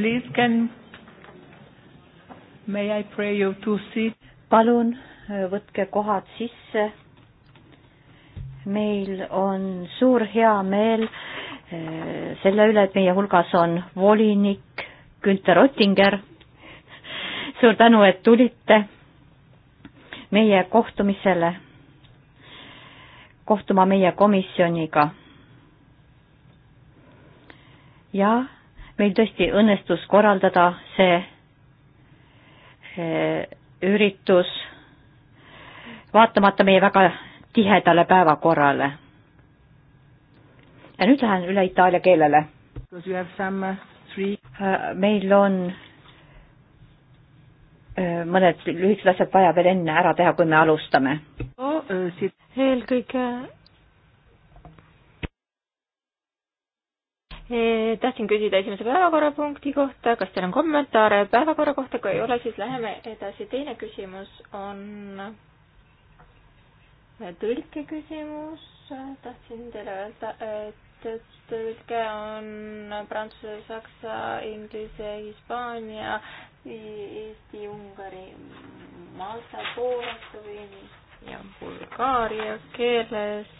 Please can, may I pray you to sit? palun äh, võtke kohad sisse. meil on suur heameel äh, selle üle, et meie hulgas on volinik Günter Ottinger. suur tänu, et tulite meie kohtumisele, kohtuma meie komisjoniga. ja meil tõesti õnnestus korraldada see üritus, vaatamata meie väga tihedale päevakorrale. ja nüüd lähen üle itaalia keelele. Uh, äh, meil on äh, mõned lühikesed asjad vaja veel enne ära teha, kui me alustame. Oh, uh, eelkõige äh, Eh, tahtsin küsida esimese päevakorrapunkti kohta, kas teil on kommentaare päevakorra kohta, kui ei ole, siis läheme edasi. teine küsimus on eh, tõlke küsimus. tahtsin teile öelda, et tõlge on prantsuse, saksa, inglise, hispaania, Eesti, Ungari, Malta, Poola, Sloveenia ja Bulgaaria keeles.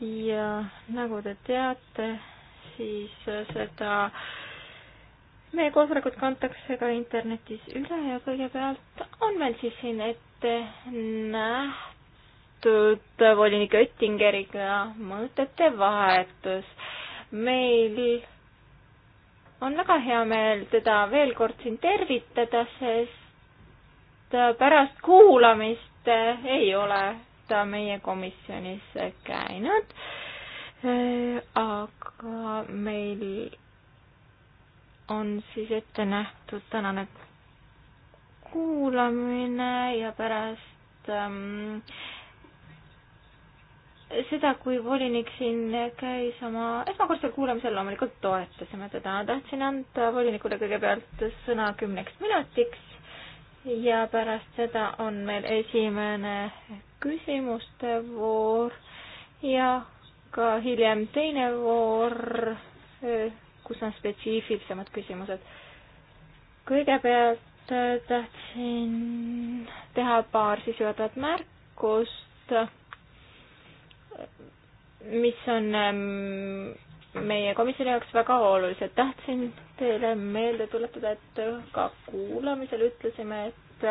ja nagu te teate siis seda meie koosolekut kantakse ka internetis üle ja kõigepealt on meil siis siin ette nähtud volinik Oettingeriga mõtete vahetus. meil on väga hea meel teda veel kord siin tervitada, sest pärast kuulamist ei ole ta meie komisjonis käinud aga meil on siis ette nähtud tänane kuulamine ja pärast ähm, seda, kui volinik siin käis oma esmakordsel kuulamisel, loomulikult toetasime teda. tahtsin anda volinikule kõigepealt sõna kümneks minutiks ja pärast seda on meil esimene küsimuste voor ja ka hiljem teine voor, eh, kus on spetsiifilisemad küsimused. kõigepealt eh, tahtsin teha paar sissejuhatavat märkust, mis on ehm, meie komisjoni jaoks väga olulised. tahtsin teile meelde tuletada, et ka kuulamisel ütlesime, et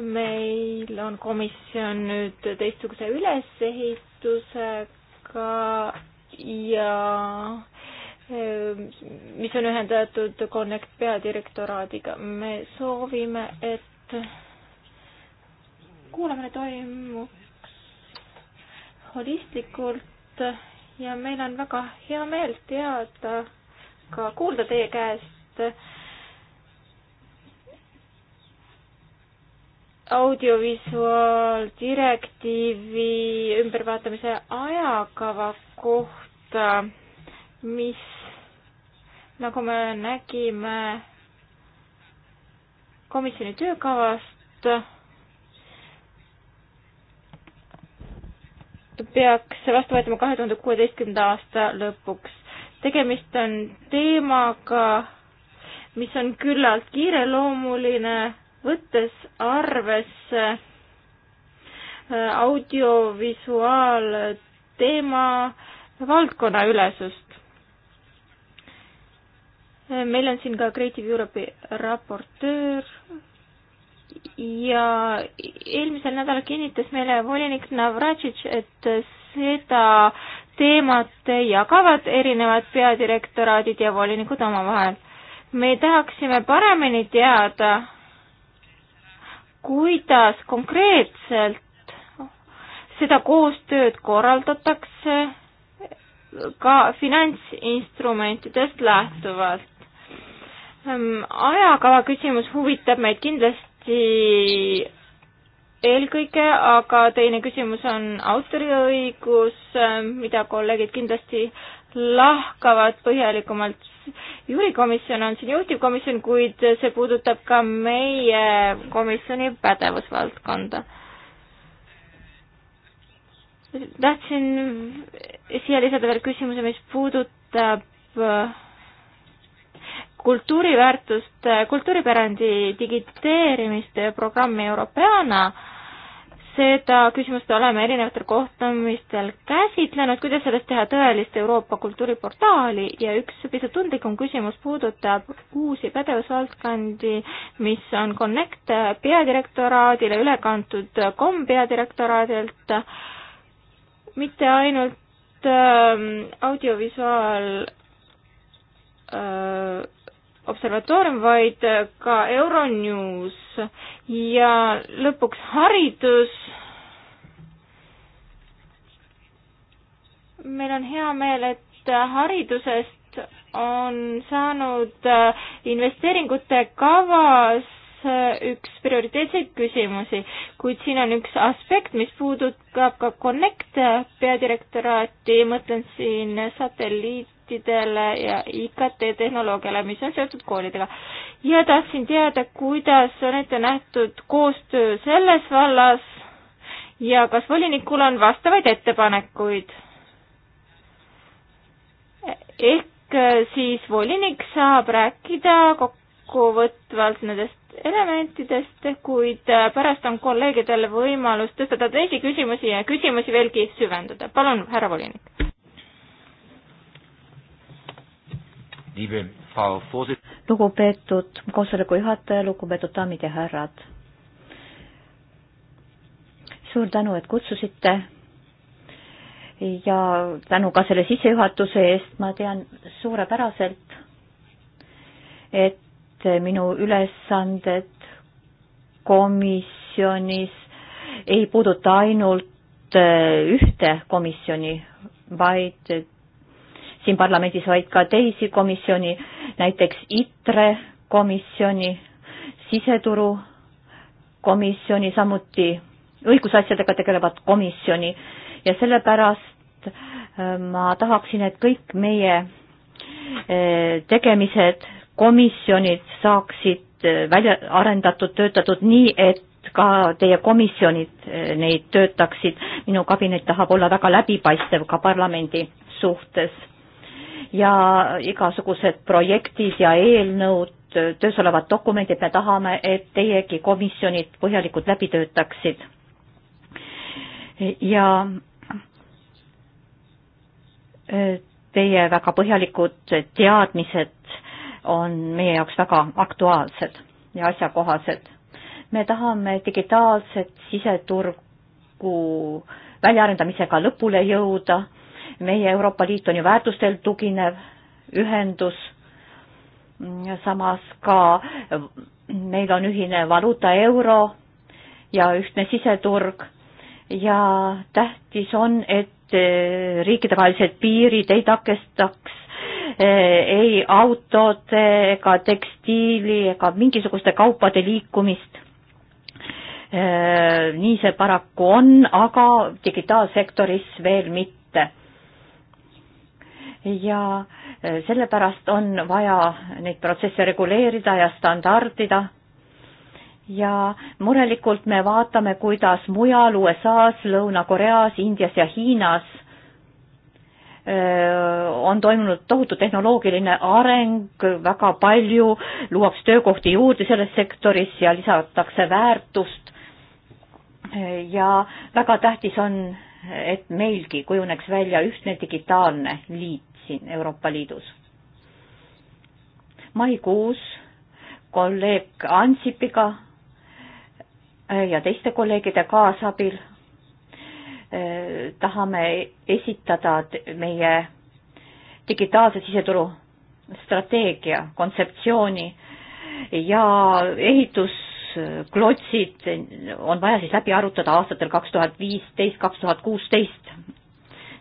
meil on komisjon nüüd teistsuguse ülesehit-, ühendusega ja ehm, mis on ühendatud Connect peadirektoraadiga. me soovime, et kuulamine toimuks holistlikult ja meil on väga hea meel teada ka kuulda teie käest, audiovisuaaldirektiivi ümbervaatamise ajakava kohta, mis, nagu me nägime komisjoni töökavast, peaks vastu võetama kahe tuhande kuueteistkümnenda aasta lõpuks. tegemist on teemaga, mis on küllalt kiireloomuline võttes arvesse äh, audiovisuaalteema valdkonna ülesust. Äh, meil on siin ka Creative Europe'i raportöör ja eelmisel nädalal kinnitas meile volinik Navratšitš, et seda teemat jagavad erinevad peadirektoraadid ja volinikud omavahel. me tahaksime paremini teada, kuidas konkreetselt seda koostööd korraldatakse ka finantsinstrumentidest lähtuvalt. Ehm, ajakava küsimus huvitab meid kindlasti eelkõige, aga teine küsimus on autoriõigus, ehm, mida kolleegid kindlasti lahkavad põhjalikumalt. juurikomisjon on siin juhtivkomisjon, kuid see puudutab ka meie komisjoni pädevusvaldkonda. tahtsin siia lisada veel küsimuse, mis puudutab äh, kultuuriväärtust, kultuuripärandi digiteerimist programmi Europeana äh, seda küsimust oleme erinevatel kohtumistel käsitlenud, kuidas sellest teha tõelist Euroopa kultuuriportaali ja üks pisut tundlikum küsimus puudutab uusi pädevusvaldkondi, mis on Connect peadirektoraadile üle kantud KOM peadirektoraadilt, mitte ainult äh, audiovisuaal äh, observatoorium, vaid ka Euronews ja lõpuks haridus. meil on hea meel, et haridusest on saanud investeeringute kavas üks prioriteetseid küsimusi, kuid siin on üks aspekt, mis puudutab ka Connect peadirektoraati, mõtlen siin satelliit, projektidele ja IKT tehnoloogiale, mis on seotud koolidega. ja tahtsin teada, kuidas on ette nähtud koostöö selles vallas ja kas volinikul on vastavaid ettepanekuid? ehk siis volinik saab rääkida kokkuvõtvalt nendest elementidest, kuid pärast on kolleegidel võimalus tõstatada teisi küsimusi ja küsimusi veelgi süvendada. palun, härra volinik. lugupeetud koosoleku juhataja, lugupeetud daamid ja härrad. suur tänu, et kutsusite ja tänu ka selle sissejuhatuse eest, ma tean suurepäraselt, et minu ülesanded komisjonis ei puuduta ainult ühte komisjoni, vaid siin parlamendis, vaid ka teisi komisjoni, näiteks ITRE komisjoni, siseturu komisjoni, samuti õigusasjadega tegelevat komisjoni ja sellepärast äh, ma tahaksin, et kõik meie äh, tegemised, komisjonid saaksid äh, välja arendatud, töötatud nii, et ka teie komisjonid neid töötaksid. minu kabinet tahab olla väga läbipaistev ka parlamendi suhtes ja igasugused projektid ja eelnõud, töös olevad dokumendid, me tahame, et teiegi komisjonid põhjalikult läbi töötaksid. ja äh, teie väga põhjalikud teadmised on meie jaoks väga aktuaalsed ja asjakohased. me tahame digitaalset siseturgu väljaarendamisega lõpule jõuda meie Euroopa Liit on ju väärtustel tuginev ühendus, samas ka meil on ühine valuuta euro ja ühtne siseturg ja tähtis on, et eh, riikidevahelised piirid ei takestaks eh, ei autode ega tekstiili ega mingisuguste kaupade liikumist. Eh, nii see paraku on, aga digitaalsektoris veel mitte ja eh, sellepärast on vaja neid protsesse reguleerida ja standardida. ja murelikult me vaatame, kuidas mujal USA-s, Lõuna-Koreas, Indias ja Hiinas eh, on toimunud tohutu tehnoloogiline areng, väga palju luuakse töökohti juurde selles sektoris ja lisatakse väärtust. Eh, ja väga tähtis on, et meilgi kujuneks välja ühtne digitaalne liit siin Euroopa Liidus. maikuus kolleeg Ansipiga äh, ja teiste kolleegide kaasabil äh, tahame esitada meie digitaalse siseturu strateegia kontseptsiooni ja ehitusklotsid on vaja siis läbi arutada aastatel kaks tuhat viisteist, kaks tuhat kuusteist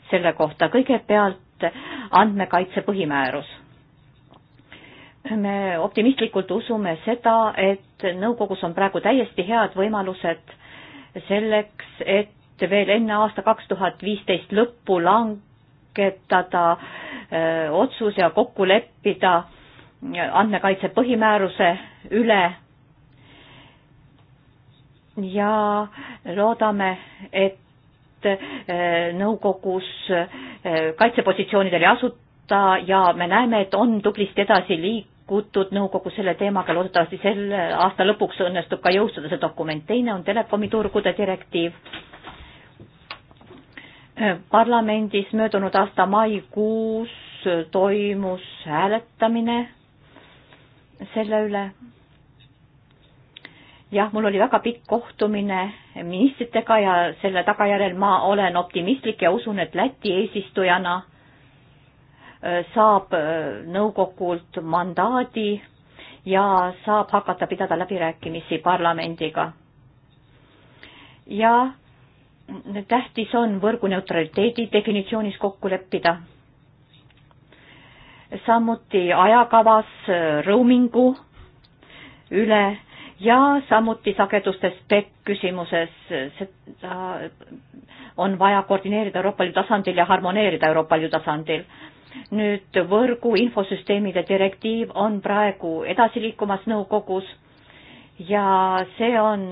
selle kohta. kõigepealt andmekaitse põhimäärus. me optimistlikult usume seda, et nõukogus on praegu täiesti head võimalused selleks, et veel enne aasta kaks tuhat viisteist lõppu langetada öö, otsus ja kokku leppida andmekaitse põhimääruse üle ja loodame, et Eh, nõukogus eh, kaitsepositsioonidele ei asuta ja me näeme, et on tublisti edasi liikutud nõukogu selle teemaga, loodetavasti selle aasta lõpuks õnnestub ka jõustuda see dokument. teine on telekomiturgude direktiiv. Eh, parlamendis möödunud aasta maikuus toimus hääletamine selle üle jah, mul oli väga pikk kohtumine ministritega ja selle tagajärjel ma olen optimistlik ja usun, et Läti eesistujana äh, saab äh, nõukogult mandaadi ja saab hakata pidada läbirääkimisi parlamendiga. ja tähtis on võrguneutraliteedi definitsioonis kokku leppida. samuti ajakavas äh, roamingu üle ja samuti sageduste spek küsimuses, seda on vaja koordineerida Euroopa Liidu tasandil ja harmoneerida Euroopa Liidu tasandil. nüüd võrgu infosüsteemide direktiiv on praegu edasi liikumas nõukogus ja see on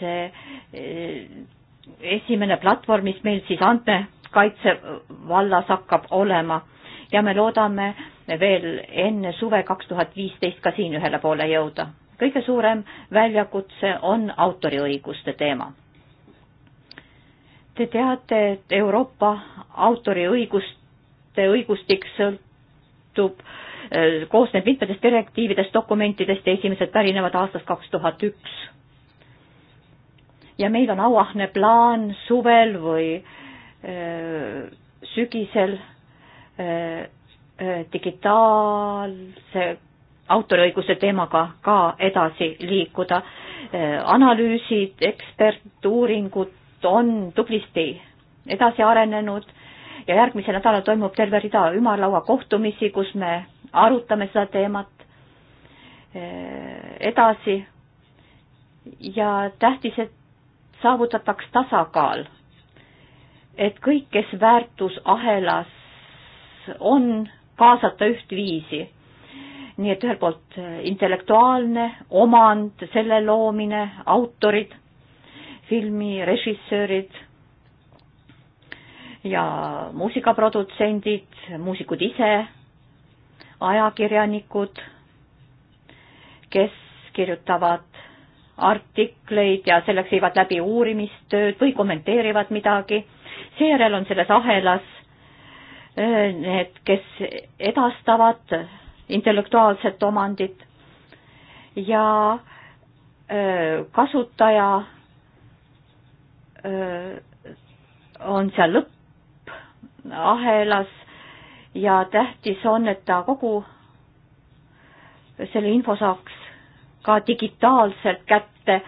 see eh, esimene platvorm, mis meil siis andmekaitse vallas hakkab olema ja me loodame veel enne suve kaks tuhat viisteist ka siin ühele poole jõuda kõige suurem väljakutse on autoriõiguste teema. Te teate, et Euroopa autoriõiguste õigustik sõltub, eh, koosneb mitmetest direktiividest, dokumentidest ja esimesed pärinevad aastast kaks tuhat üks. ja meil on auahne plaan suvel või öö, eh, sügisel öö, eh, digitaalse autoriõiguse teemaga ka edasi liikuda. Äh, analüüsid, ekspertuuringud on tublisti edasi arenenud ja järgmisel nädalal toimub terve rida ümarlaua kohtumisi, kus me arutame seda teemat äh, edasi ja tähtis, et saavutataks tasakaal. et kõik, kes väärtusahelas on, kaasata ühtviisi nii et ühelt poolt äh, intellektuaalne omand, selle loomine, autorid, filmirežissöörid ja muusikaprodutsendid, muusikud ise, ajakirjanikud, kes kirjutavad artikleid ja selleks viivad läbi uurimistööd või kommenteerivad midagi. seejärel on selles ahelas äh, need, kes edastavad intellektuaalset omandit ja kasutaja on seal lõppahelas ja tähtis on, et ta kogu selle info saaks ka digitaalselt kätte,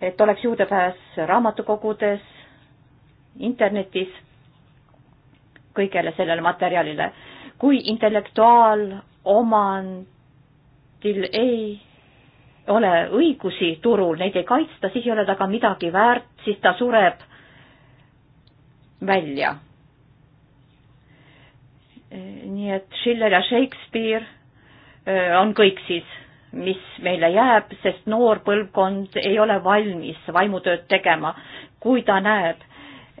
et oleks juurdepääs raamatukogudes, internetis, kõigele sellele materjalile. kui intellektuaal omandil ei ole õigusi turul, neid ei kaitsta, siis ei ole ta ka midagi väärt, siis ta sureb välja. nii et Schiller ja Shakespeare äh, on kõik siis, mis meile jääb, sest noor põlvkond ei ole valmis vaimutööd tegema, kui ta näeb,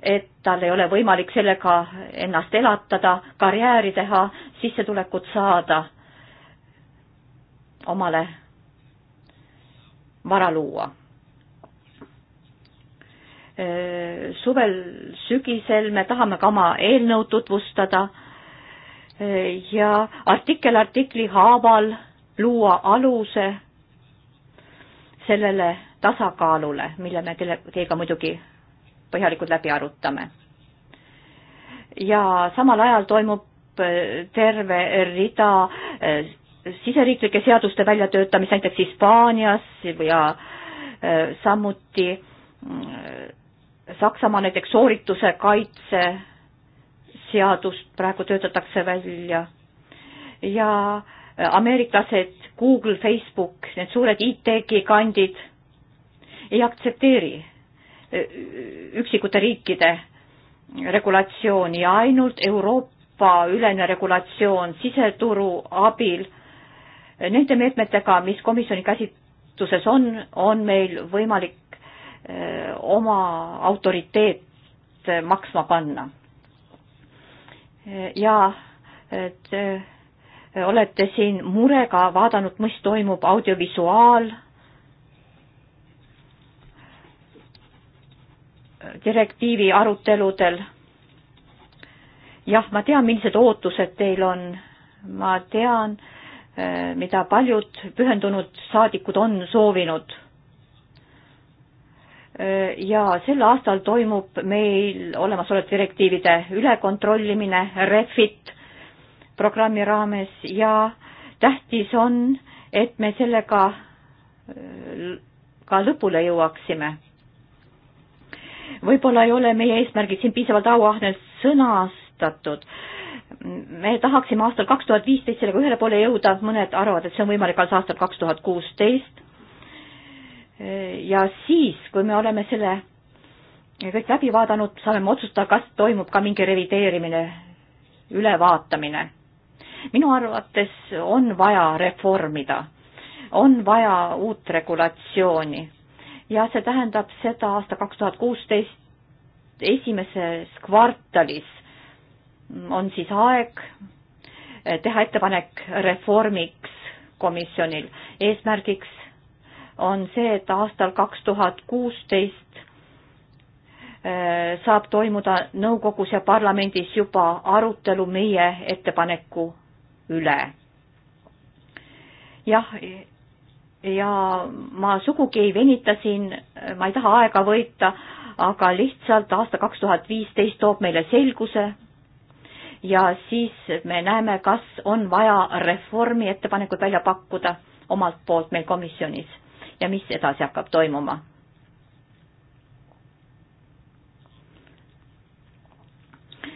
et tal ei ole võimalik sellega ennast elatada, karjääri teha, sissetulekut saada, omale vara luua. suvel, sügisel me tahame ka oma eelnõu tutvustada ja artikkel artikli haaval luua aluse sellele tasakaalule, mille me teiega muidugi põhjalikult läbi arutame. ja samal ajal toimub äh, terve rida äh, siseriiklike seaduste väljatöötamist näiteks Hispaanias ja äh, samuti Saksamaa näiteks soorituse kaitse seadust praegu töötatakse välja ja ameeriklased, Google, Facebook, need suured IT-gigandid ei aktsepteeri üksikute riikide regulatsiooni ja ainult Euroopa ülene regulatsioon siseturu abil. Nende meetmetega, mis komisjoni käsitluses on, on meil võimalik eh, oma autoriteet eh, maksma panna. Eh, ja et olete siin murega vaadanud, mis toimub audiovisuaal direktiivi aruteludel. jah, ma tean, millised ootused teil on, ma tean, eh, mida paljud pühendunud saadikud on soovinud. Eh, ja sel aastal toimub meil olemasolevate direktiivide ülekontrollimine, REFIT programmi raames ja tähtis on, et me sellega eh, ka lõpule jõuaksime võib-olla ei ole meie eesmärgid siin piisavalt auahnelt sõnastatud. me tahaksime aastal kaks tuhat viisteist sellega ühele poole jõuda, mõned arvavad, et see on võimalik alles aastal kaks tuhat kuusteist. ja siis, kui me oleme selle kõik läbi vaadanud, saame me otsustada, kas toimub ka mingi revideerimine, ülevaatamine. minu arvates on vaja reformida, on vaja uut regulatsiooni ja see tähendab seda aasta kaks tuhat kuusteist esimeses kvartalis on siis aeg eh, teha ettepanek reformiks komisjonil. eesmärgiks on see, et aastal kaks tuhat kuusteist eh, saab toimuda nõukogus ja parlamendis juba arutelu meie ettepaneku üle. jah, ja ma sugugi ei venita siin, ma ei taha aega võita, aga lihtsalt aasta kaks tuhat viisteist toob meile selguse ja siis me näeme, kas on vaja reformi ettepanekud välja pakkuda omalt poolt meil komisjonis ja mis edasi hakkab toimuma.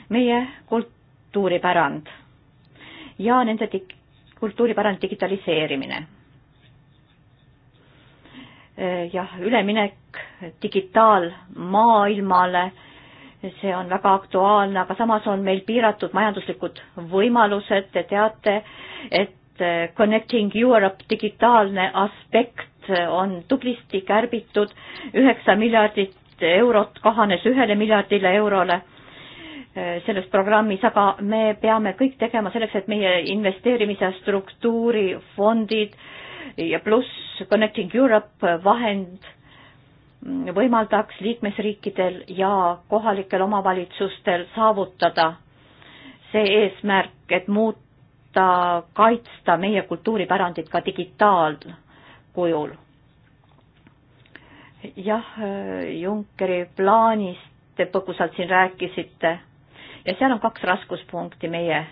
meie kultuuripärand ja nende dig kultuuripärandi digitaliseerimine Eh, jah, üleminek digitaalmaailmale, see on väga aktuaalne, aga samas on meil piiratud majanduslikud võimalused, te teate, et eh, Connecting Europe digitaalne aspekt eh, on tublisti kärbitud, üheksa miljardit eurot kahanes ühele miljardile eurole selles programmis, aga me peame kõik tegema selleks, et meie investeerimise struktuurifondid äh, ja pluss Connecting Europe vahend võimaldaks liikmesriikidel ja kohalikel omavalitsustel saavutada see eesmärk, et muuta, kaitsta meie kultuuripärandit ka digitaalkujul. jah, Junckeri plaanist te põgusalt siin rääkisite ja seal on kaks raskuspunkti meie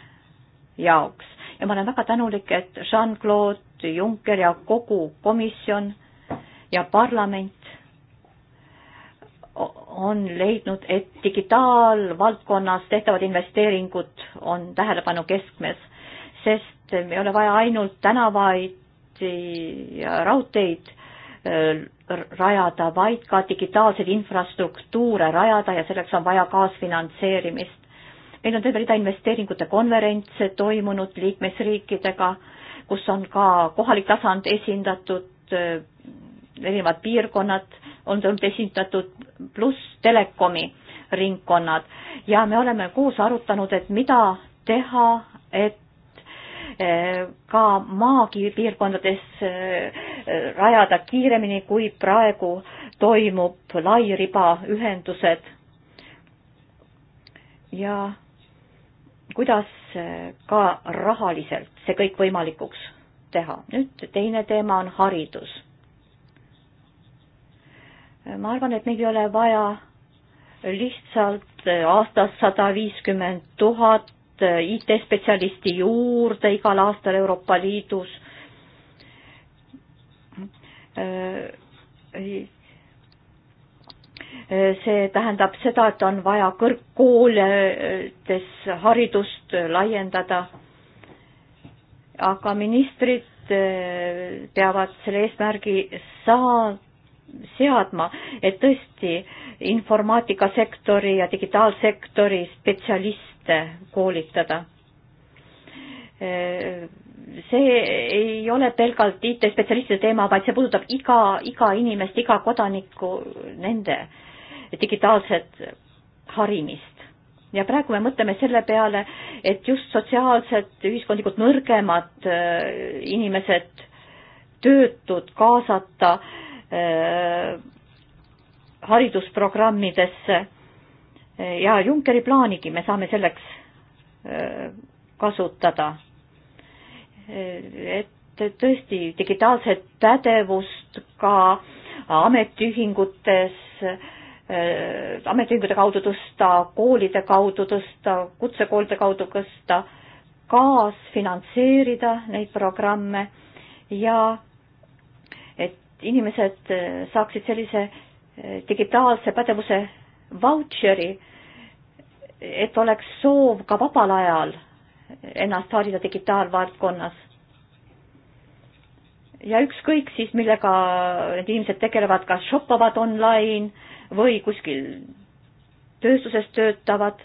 jaoks ja ma olen väga tänulik, et Jean-Claude Juncker ja kogu komisjon ja parlament on leidnud, et digitaalvaldkonnas tehtavad investeeringud on tähelepanu keskmes, sest ei ole vaja ainult tänavaid ja raudteid äh, rajada, vaid ka digitaalseid infrastruktuure rajada ja selleks on vaja kaasfinantseerimist. meil on terve rida investeeringute konverentse toimunud liikmesriikidega kus on ka kohalik tasand esindatud, äh, erinevad piirkonnad on olnud esindatud, pluss telekomi ringkonnad ja me oleme koos arutanud, et mida teha, et äh, ka maapiirkondades äh, rajada kiiremini, kui praegu toimub lairibaühendused. ja kuidas ka rahaliselt see kõik võimalikuks teha. nüüd teine teema on haridus. ma arvan, et meil ei ole vaja lihtsalt aastas sada viiskümmend tuhat IT-spetsialisti juurde igal aastal Euroopa Liidus see tähendab seda, et on vaja kõrgkoolides haridust laiendada. aga ministrid eh, peavad selle eesmärgi saa-, seadma, et tõesti informaatikasektori ja digitaalsektori spetsialiste koolitada. Eh, see ei ole pelgalt IT-spetsialistide teema, vaid see puudutab iga, iga inimest, iga kodanikku, nende äh, digitaalset harimist. ja praegu me mõtleme selle peale, et just sotsiaalselt, ühiskondlikult nõrgemad äh, inimesed, töötud kaasata äh, haridusprogrammidesse ja Junckeri plaanigi me saame selleks äh, kasutada. et tõesti digitaalset pädevust ka ametiühingutes äh, Äh, ametiühingute kaudu tõsta, koolide kaudu tõsta, kutsekoolide kaudu tõsta, kaasfinantseerida neid programme ja et inimesed äh, saaksid sellise äh, digitaalse pädevuse vautšeri, et oleks soov ka vabal ajal ennast harida digitaalvaldkonnas ja ükskõik siis, millega need inimesed tegelevad, kas shoppavad online või kuskil tööstuses töötavad.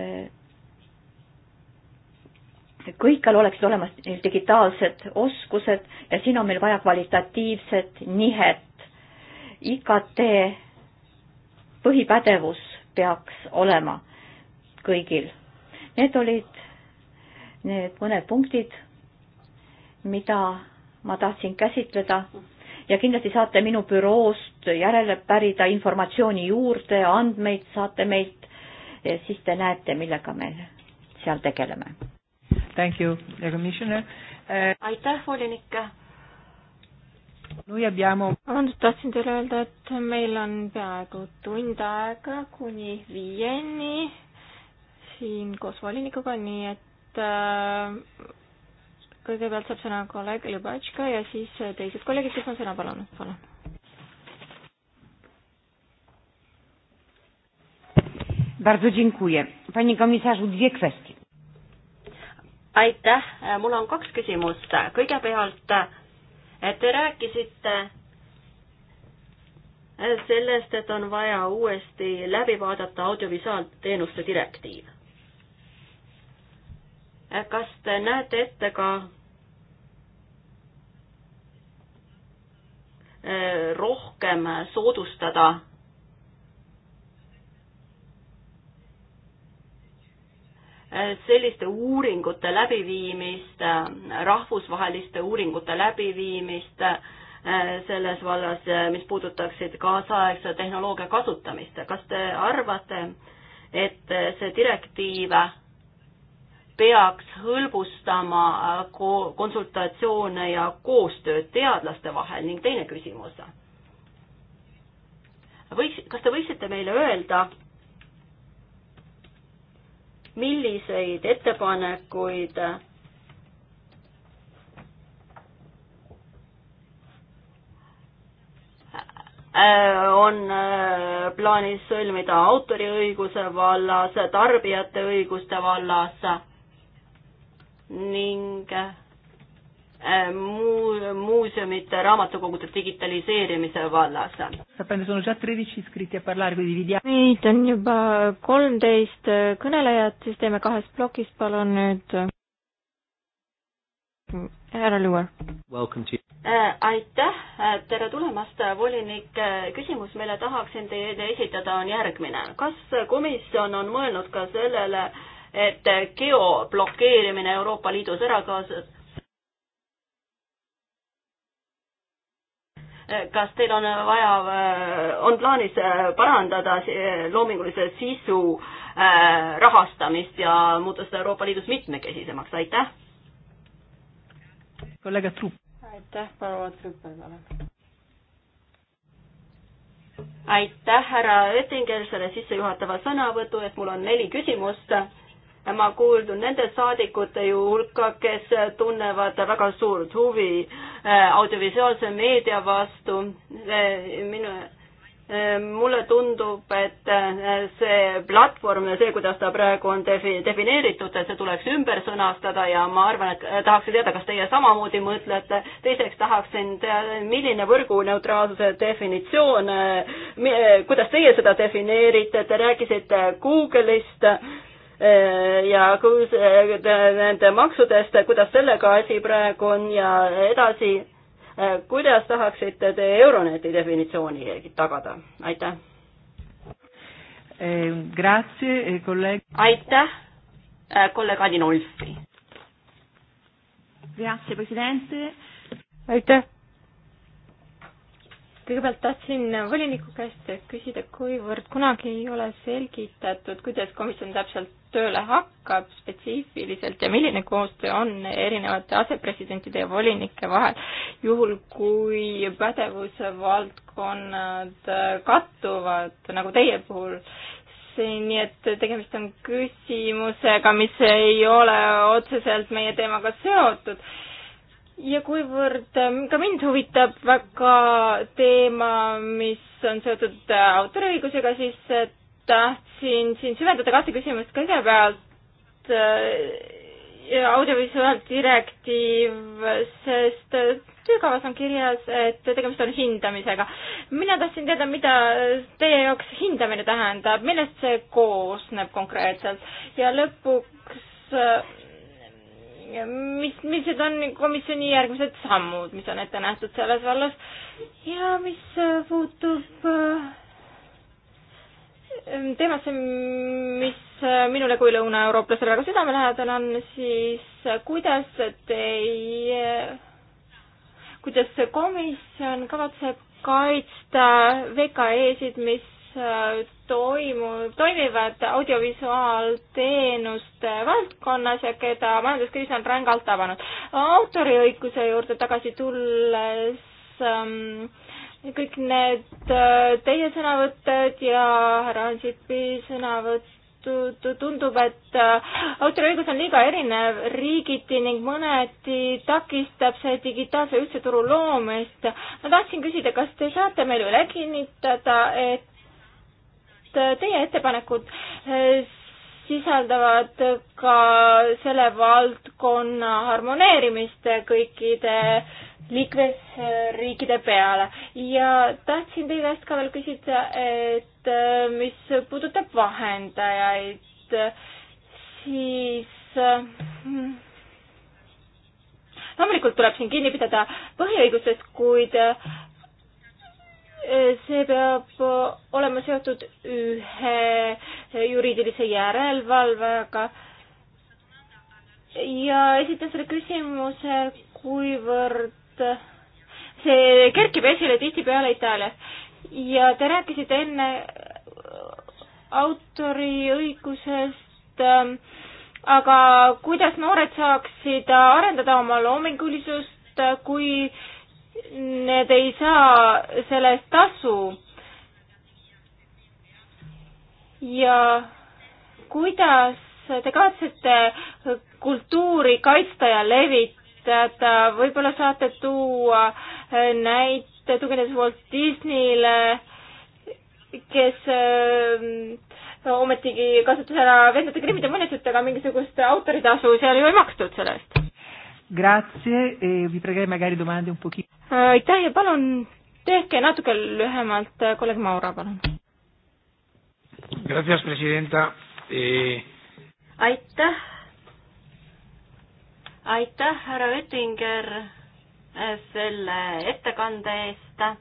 Eh, kõikjal oleksid olemas digitaalsed oskused ja siin on meil vaja kvalitatiivset nihet. IKT põhipädevus peaks olema kõigil. Need olid need mõned punktid, mida ma tahtsin käsitleda ja kindlasti saate minu büroost järele pärida informatsiooni juurde, andmeid saate meilt, siis te näete, millega me seal tegeleme. Thank you, commissioner uh.... aitäh, volinik. Noi abbiamo... vabandust, tahtsin teile öelda, et meil on peaaegu tund aega kuni viieni siin koos volinikuga, nii et äh, kõigepealt saab sõna kolleeg Ljubatška ja siis teised kolleegid, kes on sõna palunud, palun. Bardzo dziękuję. Panie komisarzu, dwie kwestie. Aitäh! Mul on kaks küsimust. Kõigepealt, te rääkisite sellest, et on vaja uuesti läbi vaadata audiovisuaalteenuste direktiiv. kas te näete ette ka Äh, rohkem soodustada äh, selliste uuringute läbiviimist, äh, rahvusvaheliste uuringute läbiviimist selles vallas, mis puudutaksid kaasaegse tehnoloogia kasutamist. kas te arvate, et see direktiiv peaks hõlbustama konsultatsioone ja koostööd teadlaste vahel ning teine küsimus. võiks, kas te võiksite meile öelda, milliseid ettepanekuid on plaanis sõlmida autoriõiguse vallas, tarbijate õiguste vallas ning äh, muu, muuseumite, raamatukogude digitaliseerimise vallas. meid on juba kolmteist äh, kõnelejat, siis teeme kahes plokis, palun nüüd. Äh, härra Luuar. aitäh, tere tulemast, volinik. küsimus, mille tahaksin teile esitada, on järgmine. kas komisjon on mõelnud ka sellele, et geoblokeerimine Euroopa Liidus ära kaasas. kas teil on vaja, on plaanis parandada loomingulise sisu äh, rahastamist ja muuta seda Euroopa Liidus mitmekesisemaks, aitäh! kolleeg Trupp. aitäh, proua Trüppel, palun! aitäh, härra Oettinger, selle sissejuhatava sõnavõtu eest, mul on neli küsimust ma kuuldun nende saadikute ju hulka, kes tunnevad väga suurt huvi eh, audiovisuaalse meedia vastu. Eh, minu, eh, mulle tundub, et see platvorm ja see, kuidas ta praegu on defi-, defineeritud, et see tuleks ümber sõnastada ja ma arvan, et tahaksin teada, kas teie samamoodi mõtlete. teiseks tahaksin teada, milline võrguneutraalsuse definitsioon, kuidas teie seda defineerite, te rääkisite Google'ist Äh, ja kui äh, nende maksudest, kuidas sellega asi praegu on ja edasi, äh, kuidas tahaksite te Euroneti definitsiooni tagada, aitäh? Eh, grazie, kolleeg. Eh, aitäh, kolleeg Adin Olfi. Grazie, president. aitäh kõigepealt tahtsin voliniku käest küsida, kuivõrd kunagi ei ole selgitatud, kuidas komisjon täpselt tööle hakkab spetsiifiliselt ja milline koostöö on erinevate asepresidentide ja volinike vahel, juhul kui pädevusvaldkonnad kattuvad, nagu teie puhul, nii et tegemist on küsimusega, mis ei ole otseselt meie teemaga seotud ja kuivõrd ähm, ka mind huvitab väga teema, mis on seotud äh, autoriõigusega, siis äh, tahtsin siin süvendada kahte küsimust. kõigepealt äh, audiovisuaaldirektiiv, sest töökavas on kirjas, et tegemist on hindamisega. mina tahtsin teada, mida teie jaoks hindamine tähendab, millest see koosneb konkreetselt ja lõpuks ja mis, millised on komisjoni järgmised sammud, mis on ette nähtud selles vallas ja mis äh, puutub äh, teemasse, mis äh, minule kui lõunaeurooplasele väga südamelähedane on, siis kuidas teie, kuidas komisjon kavatseb kaitsta VKE-sid, mis toimu, toimivad audiovisuaalteenuste valdkonnas ja keda majanduskriis on rängalt tabanud. autoriõiguse juurde tagasi tulles ähm, kõik need äh, teie sõnavõtted ja härra Ansipi sõnavõtt tundub, et äh, autoriõigus on liiga erinev riigiti ning mõneti takistab see digitaalse ühtse turu loomist. ma tahtsin küsida, kas te saate meile üle kinnitada, et Äh, teie ettepanekud äh, sisaldavad ka selle valdkonna harmoneerimist kõikide liikmesriikide peale ja tahtsin teie käest ka veel küsida, et äh, mis puudutab vahendajaid, siis loomulikult tuleb siin kinni pidada põhiõigustest, kuid äh, see peab äh, olema seotud ühe juriidilise järelevalvega ja esitan selle küsimuse, kuivõrd see kerkib esile tihtipeale Itaalias ja te rääkisite enne autoriõigusest, ähm, aga kuidas noored saaksid arendada oma loomingulisust, äh, kui need ei saa selle eest tasu. ja kuidas te kavatsete kultuuri kaitsta ja levitada, võib-olla saate tuua näite, tuginedes Walt Disneyle, kes ähm, ometigi kasutas ära vendade krimmide mõnesid, aga mingisugust autoritasu seal ju ei makstud selle eest. Grazie e vi pregherei magari domande un pochino aitäh ja palun tehke natuke lühemalt, kolleeg Maura, palun. Gracias, presidenta e.... aitäh. aitäh, härra Oettinger, selle ettekande eest.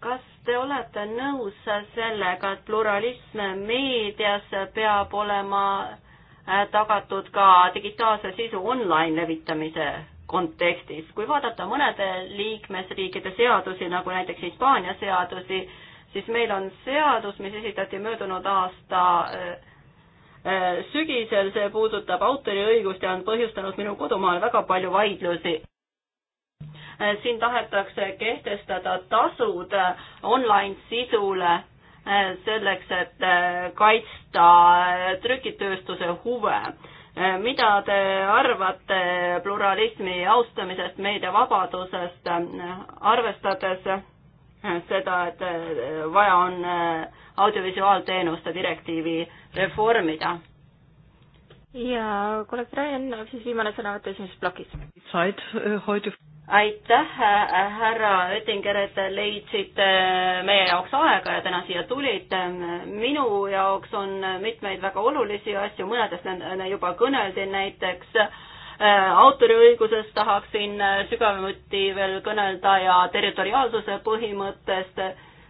kas te olete nõus sellega, et pluralism meedias peab olema tagatud ka digitaalse sisu online levitamise kontekstis. kui vaadata mõnede liikmesriikide seadusi, nagu näiteks Hispaania seadusi, siis meil on seadus, mis esitati möödunud aasta äh, äh, sügisel, see puudutab autoriõigust ja on põhjustanud minu kodumaal väga palju vaidlusi. Äh, siin tahetakse kehtestada tasud online sisule selleks, et kaitsta trükitööstuse huve mida te arvate pluralismi austamisest, meediavabadusest, arvestades seda, et vaja on audiovisuaalteenuste direktiivi reformida? ja kolleeg Ryan, siis viimane sõnavõtt esimeses plokis. Äh, aitäh, äh, härra Oettinger, et leidsite äh, meie jaoks aega ja täna siia tulite. minu jaoks on mitmeid väga olulisi asju, mõnedest juba kõneldi, näiteks äh, autoriõigusest tahaksin sügavuti veel kõnelda ja territoriaalsuse põhimõttest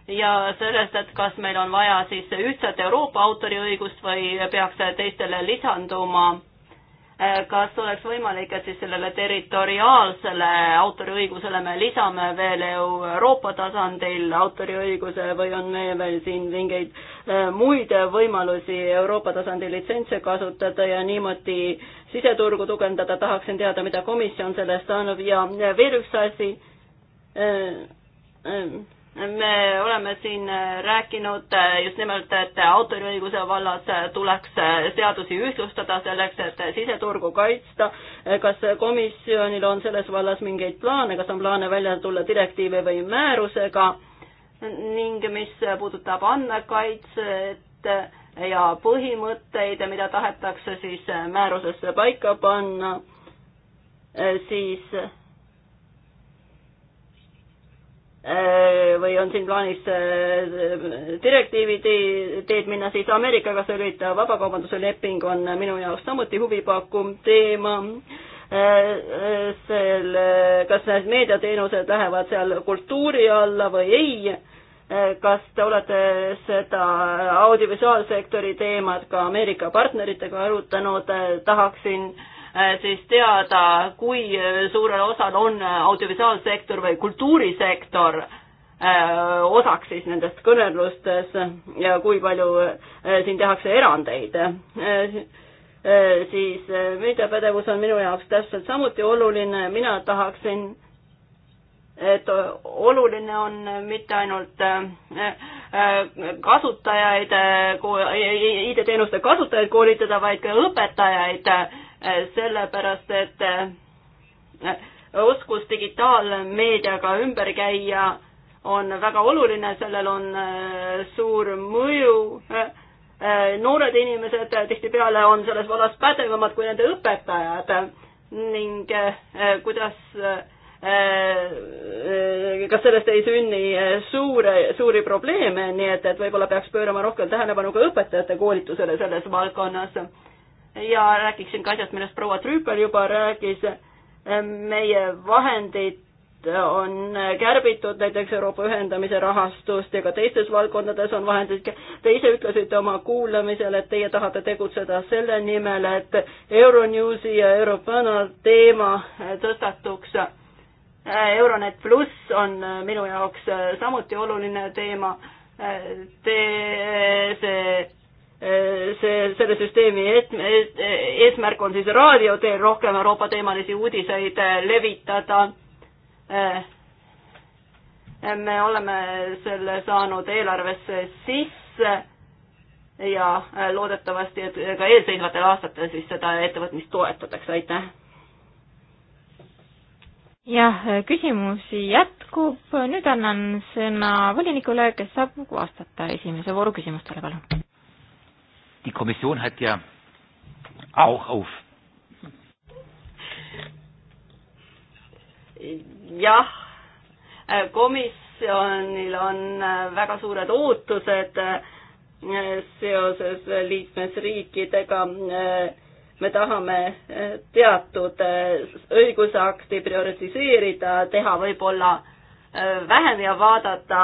ja sellest, et kas meil on vaja siis ühtset Euroopa autoriõigust või peaks teistele lisanduma Eh, kas oleks võimalik, et siis sellele territoriaalsele autoriõigusele me lisame veel Euroopa tasandil autoriõiguse või on meil veel siin mingeid eh, muid võimalusi Euroopa tasandil litsentse kasutada ja niimoodi siseturgu tugevdada, tahaksin teada, mida komisjon sellest annab ja veel üks asi eh, me oleme siin äh, rääkinud äh, just nimelt, et autoriõiguse vallas äh, tuleks seadusi ühtlustada selleks, et siseturgu kaitsta. kas komisjonil on selles vallas mingeid plaane, kas on plaane välja tulla direktiivi või määrusega? ning mis puudutab andmekaitset ja põhimõtteid, mida tahetakse siis määrusesse paika panna, siis Eh, või on siin plaanis eh, direktiivi teed minna, siis Ameerikaga sõlmitav vabakaubanduse leping on minu jaoks samuti huvipakkuv teema. Eh, selle, kas need meediateenused lähevad seal kultuuri alla või ei, kas te olete seda audiovisuaalsektori teemat ka Ameerika partneritega arutanud, tahaksin äh, siis teada, kui suurel osal on audiovisuaalsektor või kultuurisektor osaks siis nendest kõnelustes ja kui palju siin tehakse erandeid. siis meediapädevus on minu jaoks täpselt samuti oluline, mina tahaksin et oluline on mitte ainult kasutajaid, IT-teenuste kasutajaid koolitada, vaid ka õpetajaid sellepärast et äh, oskus digitaalmeediaga ümber käia on väga oluline, sellel on äh, suur mõju. Äh, noored inimesed tihtipeale on selles vallas pädevamad kui nende õpetajad ning kuidas kas sellest ei sünni suure, suuri probleeme, nii et, et võib-olla peaks pöörama rohkem tähelepanu ka õpetajate koolitusele selles valdkonnas ja räägiksin ka asjast, millest proua Trüüpel juba rääkis. meie vahendid on kärbitud, näiteks Euroopa ühendamise rahastust ja ka teistes valdkondades on vahendeid. Te ise ütlesite oma kuulamisel, et teie tahate tegutseda selle nimel, et Euronewsi ja Europana teema tõstatuks. Euronet pluss on minu jaoks samuti oluline teema. Te, see see, selle süsteemi et, et, eesmärk on siis raadio teel rohkem Euroopa-teemalisi uudiseid äh, levitada. Äh, me oleme selle saanud eelarvesse sisse ja äh, loodetavasti, et ka eelseisvatel aastatel siis seda ettevõtmist toetatakse, aitäh! jah, küsimusi jätkub, nüüd annan sõna volinikule, kes saab vastata esimese vooru küsimustele, palun. Die Kommission hat ja auch auf jah, äh, komisjonil on äh, väga suured ootused äh, seoses liikmesriikidega. me tahame teatud õigusakti prioritiseerida, teha võib-olla vähem ja vaadata,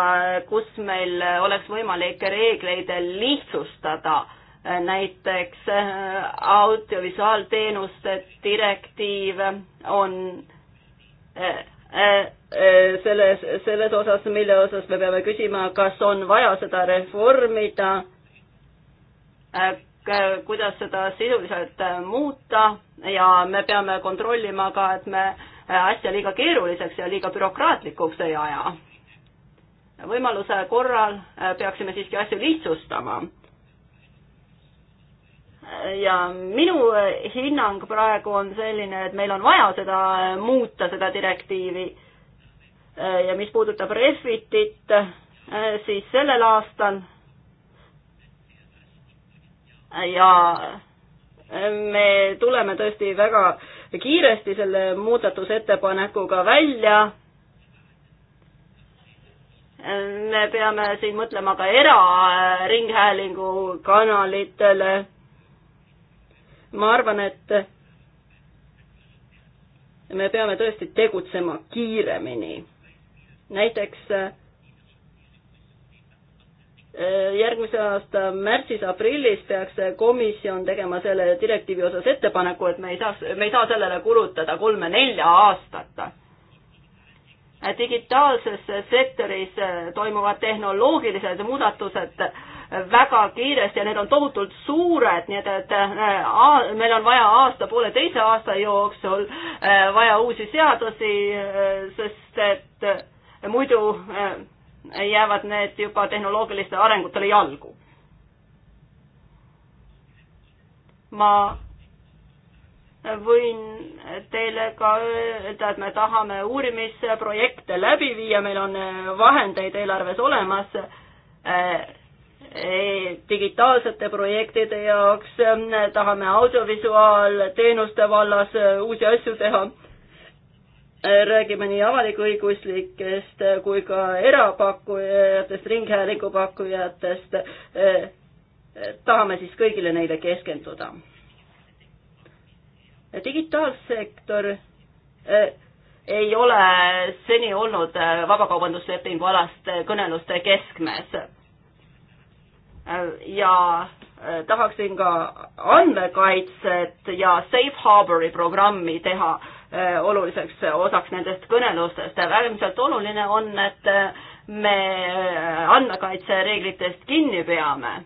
kus meil oleks võimalik reegleid lihtsustada näiteks äh, audiovisuaalteenuste direktiiv on äh, äh, selles, selles osas, mille osas me peame küsima, kas on vaja seda reformida, kuidas seda sisuliselt muuta ja me peame kontrollima ka, et me asja liiga keeruliseks ja liiga bürokraatlikuks ei aja. võimaluse korral peaksime siiski asju lihtsustama ja minu hinnang praegu on selline, et meil on vaja seda muuta, seda direktiivi. ja mis puudutab Refitit, siis sellel aastal ja me tuleme tõesti väga kiiresti selle muudatusettepanekuga välja me peame siin mõtlema ka eraringhäälingu kanalitele ma arvan, et me peame tõesti tegutsema kiiremini. näiteks äh, järgmise aasta märtsis-aprillis peaks komisjon tegema selle direktiivi osas ettepaneku, et me ei saaks, me ei saa sellele kulutada kolme-nelja aastat. digitaalses sektoris toimuvad tehnoloogilised muudatused väga kiiresti ja need on tohutult suured, nii et, et äh, meil on vaja aasta-pooleteise aasta jooksul äh, vaja uusi seadusi, äh, sest et muidu jäävad need juba tehnoloogiliste arengutele jalgu. ma võin teile ka öelda, et me tahame uurimisprojekte läbi viia, meil on vahendeid eelarves olemas Eh, digitaalsete projektide jaoks, eh, tahame audiovisuaalteenuste vallas eh, uusi asju teha. räägime nii avalik-õiguslikest kui ka erapakkujatest, ringhäälingupakkujatest. tahame siis kõigile neile keskenduda. digitaalsektor ei ole seni olnud vabakaubanduslepingu alast kõneluste keskmes Äh, ja äh, tahaksin ka andmekaitset ja safe harbori programmi teha äh, oluliseks osaks nendest kõnelustest. äärmiselt oluline on, et me andmekaitsereeglitest kinni peame.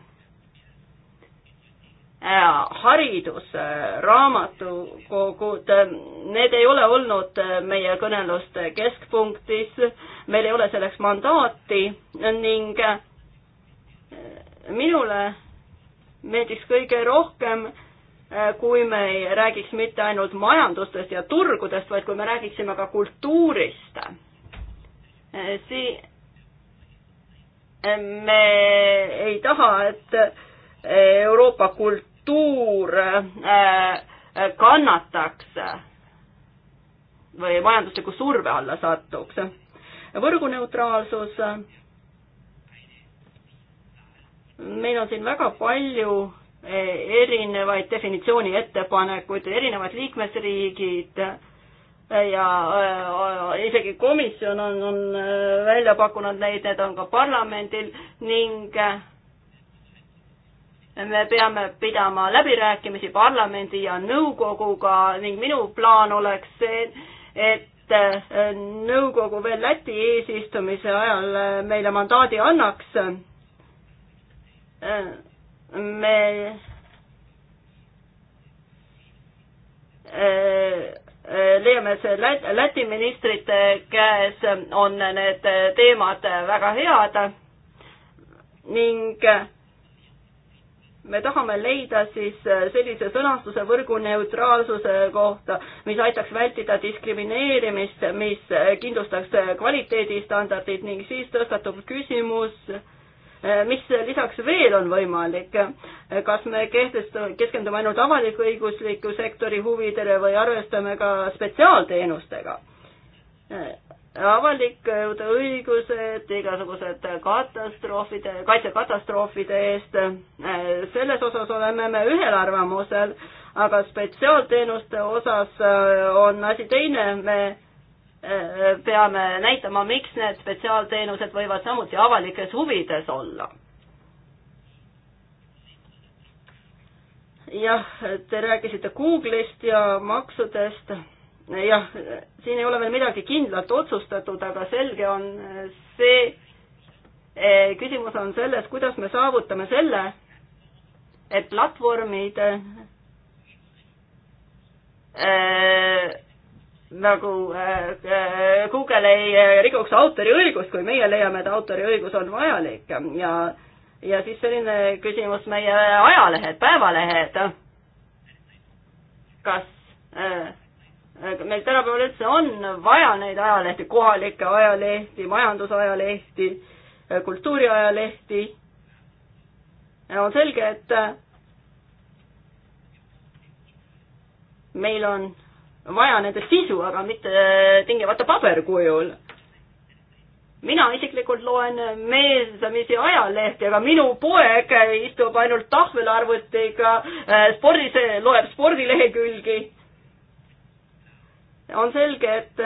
haridus, raamatukogud, need ei ole olnud meie kõneluste keskpunktis, meil ei ole selleks mandaati ning minule meeldiks kõige rohkem, äh, kui me ei räägiks mitte ainult majandustest ja turgudest, vaid kui me räägiksime ka kultuurist. Äh, sii-, äh, me ei taha, et Euroopa kultuur kannataks või majandusliku surve alla satuks. võrguneutraalsus meil on siin väga palju eh, erinevaid definitsiooni ettepanekuid, erinevad liikmesriigid eh, ja eh, isegi komisjon on, on välja pakkunud neid, need on ka parlamendil ning me peame pidama läbirääkimisi parlamendi ja nõukoguga ning minu plaan oleks see, et nõukogu veel Läti eesistumise ajal meile mandaadi annaks Äh, me äh, äh, leiame, et see Läti ministrite käes on need teemad väga head ning me tahame leida siis sellise sõnastuse võrguneutraalsuse kohta, mis aitaks vältida diskrimineerimist, mis kindlustaks kvaliteedistandardid ning siis tõstatub küsimus äh, Eh, mis lisaks veel on võimalik? Eh, kas me kehtestame, keskendume ainult avalik-õigusliku sektori huvidele või arvestame ka spetsiaalteenustega? Eh, avalikud õigused, igasugused katastroofide, kaitsekatastroofide eest, selles osas oleme me ühel arvamusel, aga spetsiaalteenuste osas on asi teine, me Äh, peame näitama, miks need spetsiaalteenused võivad samuti avalikes huvides olla. jah, te rääkisite Google'ist ja maksudest. jah, siin ei ole veel midagi kindlalt otsustatud, aga selge on see, eh, küsimus on selles, kuidas me saavutame selle, et platvormid äh, nagu äh, äh, Google ei äh, rikuks autoriõigust, kui meie leiame, et autoriõigus on vajalik ja, ja siis selline küsimus meie ajalehed, päevalehed. kas äh, äh meil tänapäeval üldse on vaja neid ajalehti, kohalikke ajalehti, majandusajalehti, kultuuriajalehti? on selge, et meil on vaja nende sisu, aga mitte äh, tingimata paberkujul. mina isiklikult loen meelsamisi ajalehti, aga minu poeg istub ainult tahvelarvutiga, äh, spordis, loeb spordilehekülgi. on selge, et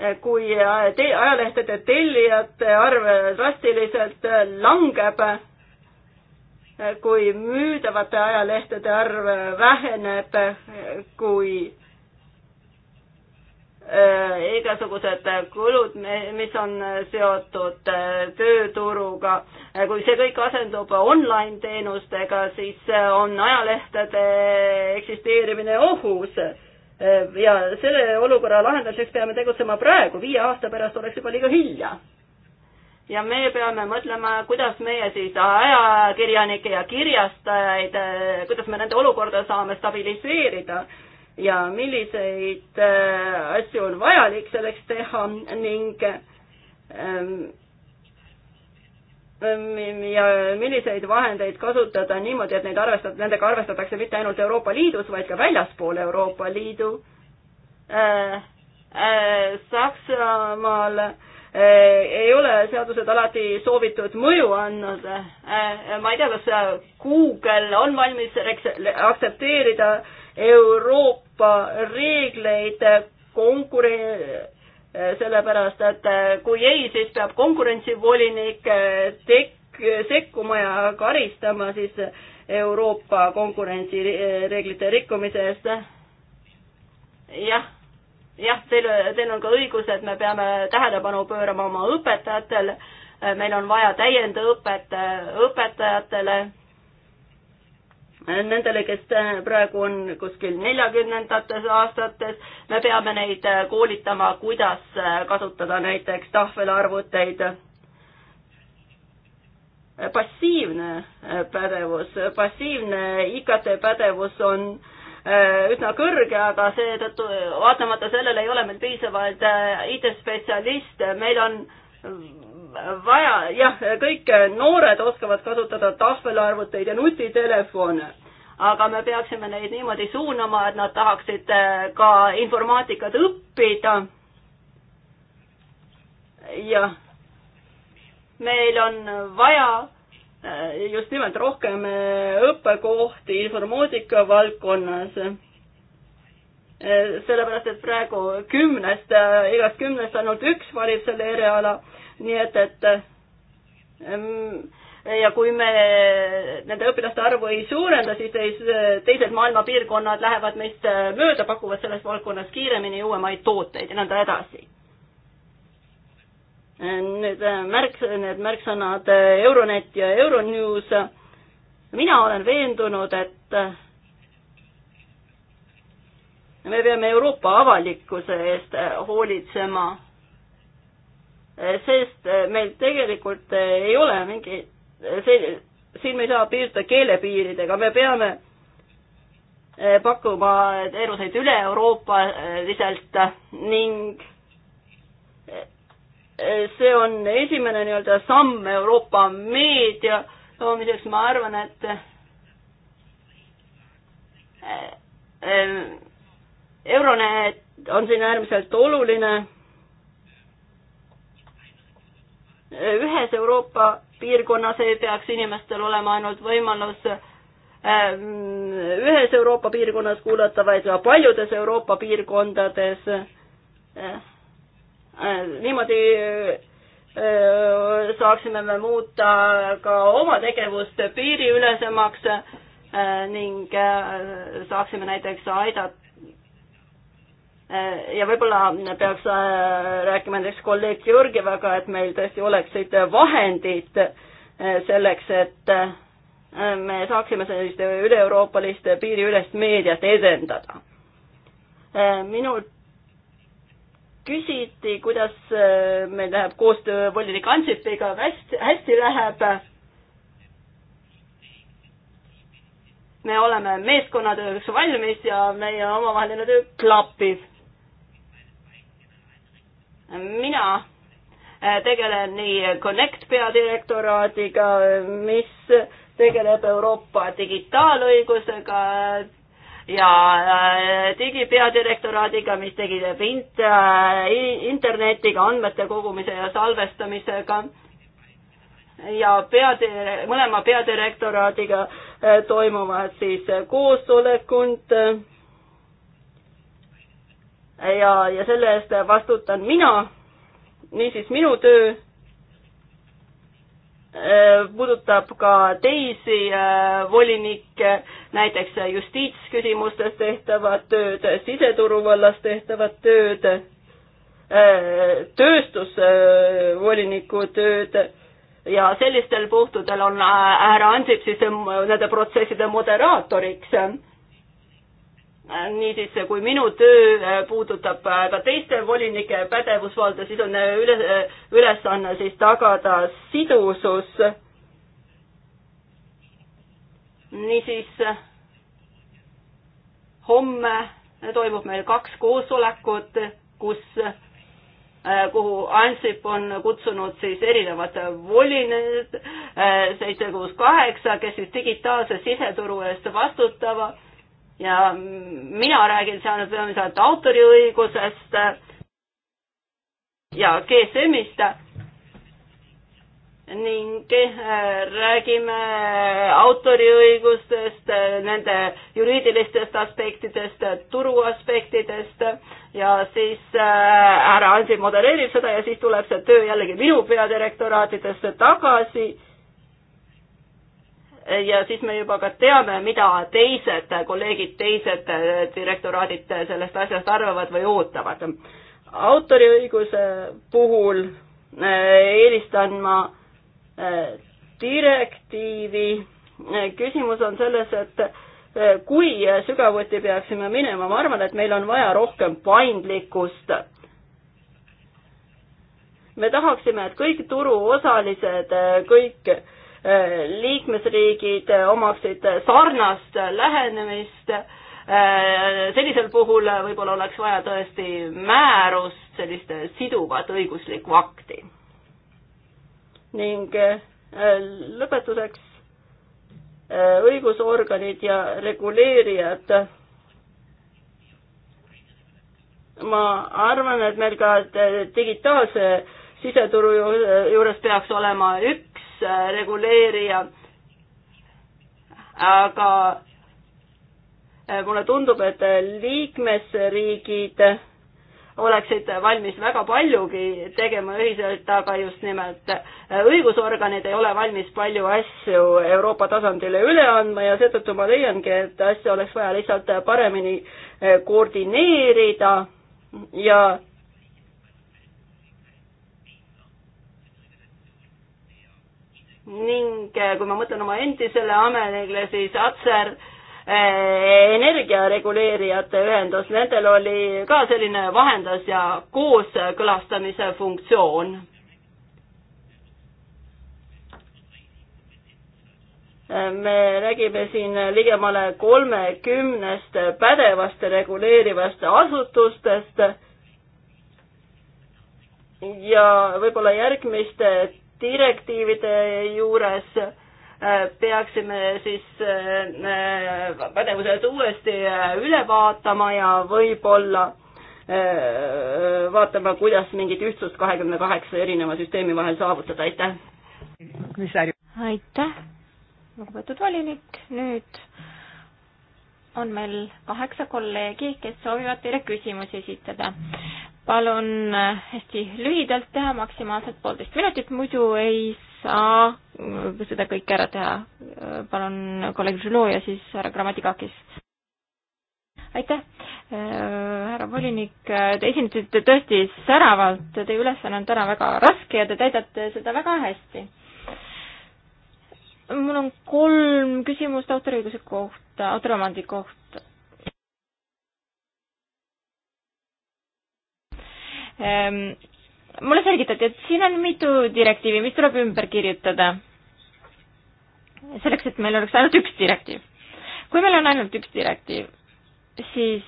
äh, kui te ajalehtede tellijate arv drastiliselt langeb, kui müüdavate ajalehtede arv väheneb, kui äh, igasugused kulud, mis on seotud äh, tööturuga, äh, kui see kõik asendub online teenustega, siis on ajalehtede eksisteerimine ohus. ja selle olukorra lahendamiseks peame tegutsema praegu, viie aasta pärast oleks juba liiga hilja ja me peame mõtlema, kuidas meie siis ajakirjanikke ja kirjastajaid, kuidas me nende olukorda saame stabiliseerida ja milliseid äh, asju on vajalik selleks teha ning ähm, ähm, ja milliseid vahendeid kasutada niimoodi, et neid arvestada, nendega arvestatakse mitte ainult Euroopa Liidus, vaid ka väljaspool Euroopa Liidu. Äh, äh, Saksamaal äh, Äh, ei ole seadused alati soovitud mõju andnud. Äh, ma ei tea, kas äh, Google on valmis aktsepteerida Euroopa reegleid konkurentsi sellepärast, et kui ei, siis peab konkurentsivolinik tek-, sekkuma ja karistama siis Euroopa konkurentsireeglite rikkumise eest. jah jah, teil, teil on ka õigus, et me peame tähelepanu pöörama oma õpetajatele, meil on vaja täiendõpet äh, õpetajatele, nendele, kes praegu on kuskil neljakümnendates aastates, me peame neid äh, koolitama, kuidas äh, kasutada näiteks tahvelarvuteid passiivne pädevus, passiivne IKT pädevus on Äh, üsna kõrge, aga seetõttu vaatamata sellele ei ole meil piisavalt äh, IT-spetsialiste, meil on vaja, jah, kõik noored oskavad kasutada tahvelarvuteid ja nutitelefone, aga me peaksime neid niimoodi suunama, et nad tahaksid äh, ka informaatikat õppida. jah, meil on vaja Äh, just nimelt rohkem äh, õppekohti informaatika valdkonnas. Äh, sellepärast, et praegu kümnest, igast kümnest ainult üks valib selle eriala, nii et, et ähm, ja kui me nende õpilaste arvu ei suurenda, siis teis, teised maailma piirkonnad lähevad meist mööda, pakuvad selles valdkonnas kiiremini uuemaid tooteid ja nõnda edasi Need äh, märk, need märksõnad äh, Euronet ja Euronews. mina olen veendunud, et äh, me peame Euroopa avalikkuse eest hoolitsema, sest meil tegelikult ei ole mingi, see, siin me ei saa piirduda keelepiiridega, me peame pakkuma teenuseid üle-euroopaliselt ning see on esimene nii-öelda samm Euroopa meedia loomiseks, ma arvan, et eh, eh, Euronet on siin äärmiselt oluline. ühes Euroopa piirkonnas ei peaks inimestel olema ainult võimalus eh, ühes Euroopa piirkonnas kuulata, vaid ka paljudes Euroopa piirkondades Äh, niimoodi äh, saaksime me muuta ka oma tegevust piiriülesemaks äh, ning saaksime näiteks aidata ja võib-olla peaks rääkima näiteks kolleeg Georgievaga, et meil tõesti oleksid vahendid selleks, et me saaksime sellist üle-euroopalist piiriülest meediat edendada. minult küsiti, kuidas äh, meil läheb koostöö volinik Ansipiga, hästi, hästi läheb. me oleme meeskonnatööks valmis ja meie omavaheline töö klapib. mina äh, tegelen nii Connect peadirektoraadiga, mis tegeleb Euroopa digitaalõigusega, ja äh, digipeadirektoraadiga, mis tegeleb int-, äh, internetiga, andmete kogumise ja salvestamisega ja peadire-, mõlema peadirektoraadiga äh, toimuvad siis koosolekud ja, ja selle eest vastutan mina, niisiis minu töö Äh, puudutab ka teisi äh, volinikke, näiteks justiitsküsimustes tehtavat tööd, siseturu vallas tehtavat tööd, äh, tööstusvoliniku tööd ja sellistel puhtudel on härra Ansip siis nende protsesside moderaatoriks Äh, niisiis, kui minu töö äh, puudutab äh, ka teiste volinike pädevusvalda, siis on üle, ülesanne siis tagada sidusus. niisiis homme toimub meil kaks koosolekut, kus, kuhu Ansip on kutsunud siis erinevad volinised, seitse, kuus, kaheksa, kes siis digitaalse siseturu eest vastutavad ja mina räägin seal peamiselt autoriõigusest ja GSM-ist ning äh, räägime autoriõigustest, nende juriidilistest aspektidest, turu aspektidest ja siis härra äh, Ansi modereerib seda ja siis tuleb see töö jällegi minu peadirektoraatidesse tagasi ja siis me juba ka teame, mida teised kolleegid, teised direktoraadid sellest asjast arvavad või ootavad. autoriõiguse puhul eh, eelistan ma eh, direktiivi. küsimus on selles, et eh, kui sügavuti peaksime minema, ma arvan, et meil on vaja rohkem paindlikkust me tahaksime, et kõik turuosalised, kõik liikmesriigid omaksid sarnast lähenemist. sellisel puhul võib-olla oleks vaja tõesti määrust, sellist siduvat õiguslikku akti. ning äh, lõpetuseks äh, õigusorganid ja reguleerijad ma arvan, et meil ka äh, digitaalse siseturu juures peaks olema üks reguleerija. aga eh, mulle tundub, et liikmesriigid oleksid valmis väga paljugi tegema ühiselt, aga just nimelt eh, õigusorganid ei ole valmis palju asju Euroopa tasandile üle andma ja seetõttu ma leiangi, et asja oleks vaja lihtsalt paremini eh, koordineerida ja ning eh, kui ma mõtlen oma endisele ametile, siis Atser eh, energiareguleerijate ühendus, nendel oli ka selline vahendus ja kooskõlastamise funktsioon. me räägime siin ligemale kolmekümnest pädevast reguleerivast asutustest ja võib-olla järgmiste direktiivide juures äh, peaksime siis äh, pädevused uuesti äh, üle vaatama ja võib-olla vaatama, kuidas mingit ühtsust kahekümne kaheksa erineva süsteemi vahel saavutada, aitäh! aitäh, lugupeetud volinik, nüüd on meil kaheksa kolleegi, kes soovivad teile küsimusi esitada palun äh, hästi lühidalt teha, maksimaalselt poolteist minutit, muidu ei saa äh, seda kõike ära teha. Äh, palun kolleeg Žilov ja siis härra Grammatikakis. aitäh, härra volinik, te esinesite tõesti säravalt, teie ülesanne on täna väga raske ja te täidate seda väga hästi. mul on kolm küsimust autoriõiguse kohta, autoriomandi kohta Ehm, mulle selgitati, et siin on mitu direktiivi, mis tuleb ümber kirjutada. selleks, et meil oleks ainult üks direktiiv. kui meil on ainult üks direktiiv, siis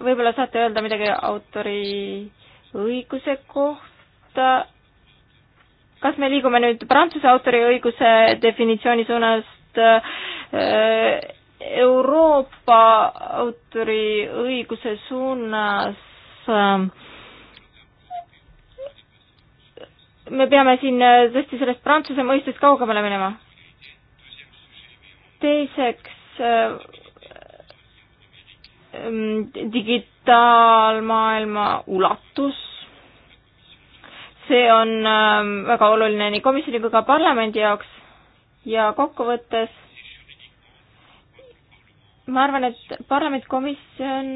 võib-olla saate öelda midagi autori õiguse kohta. kas me liigume nüüd Prantsuse autoriõiguse definitsiooni suunast äh, Euroopa autoriõiguse suunas äh, me peame siin äh, tõesti sellest Prantsuse mõistest kaugemale minema. teiseks äh, digitaalmaailma ulatus. see on ähm, väga oluline nii komisjoni kui ka parlamendi jaoks ja kokkuvõttes ma arvan, et parlament, komisjon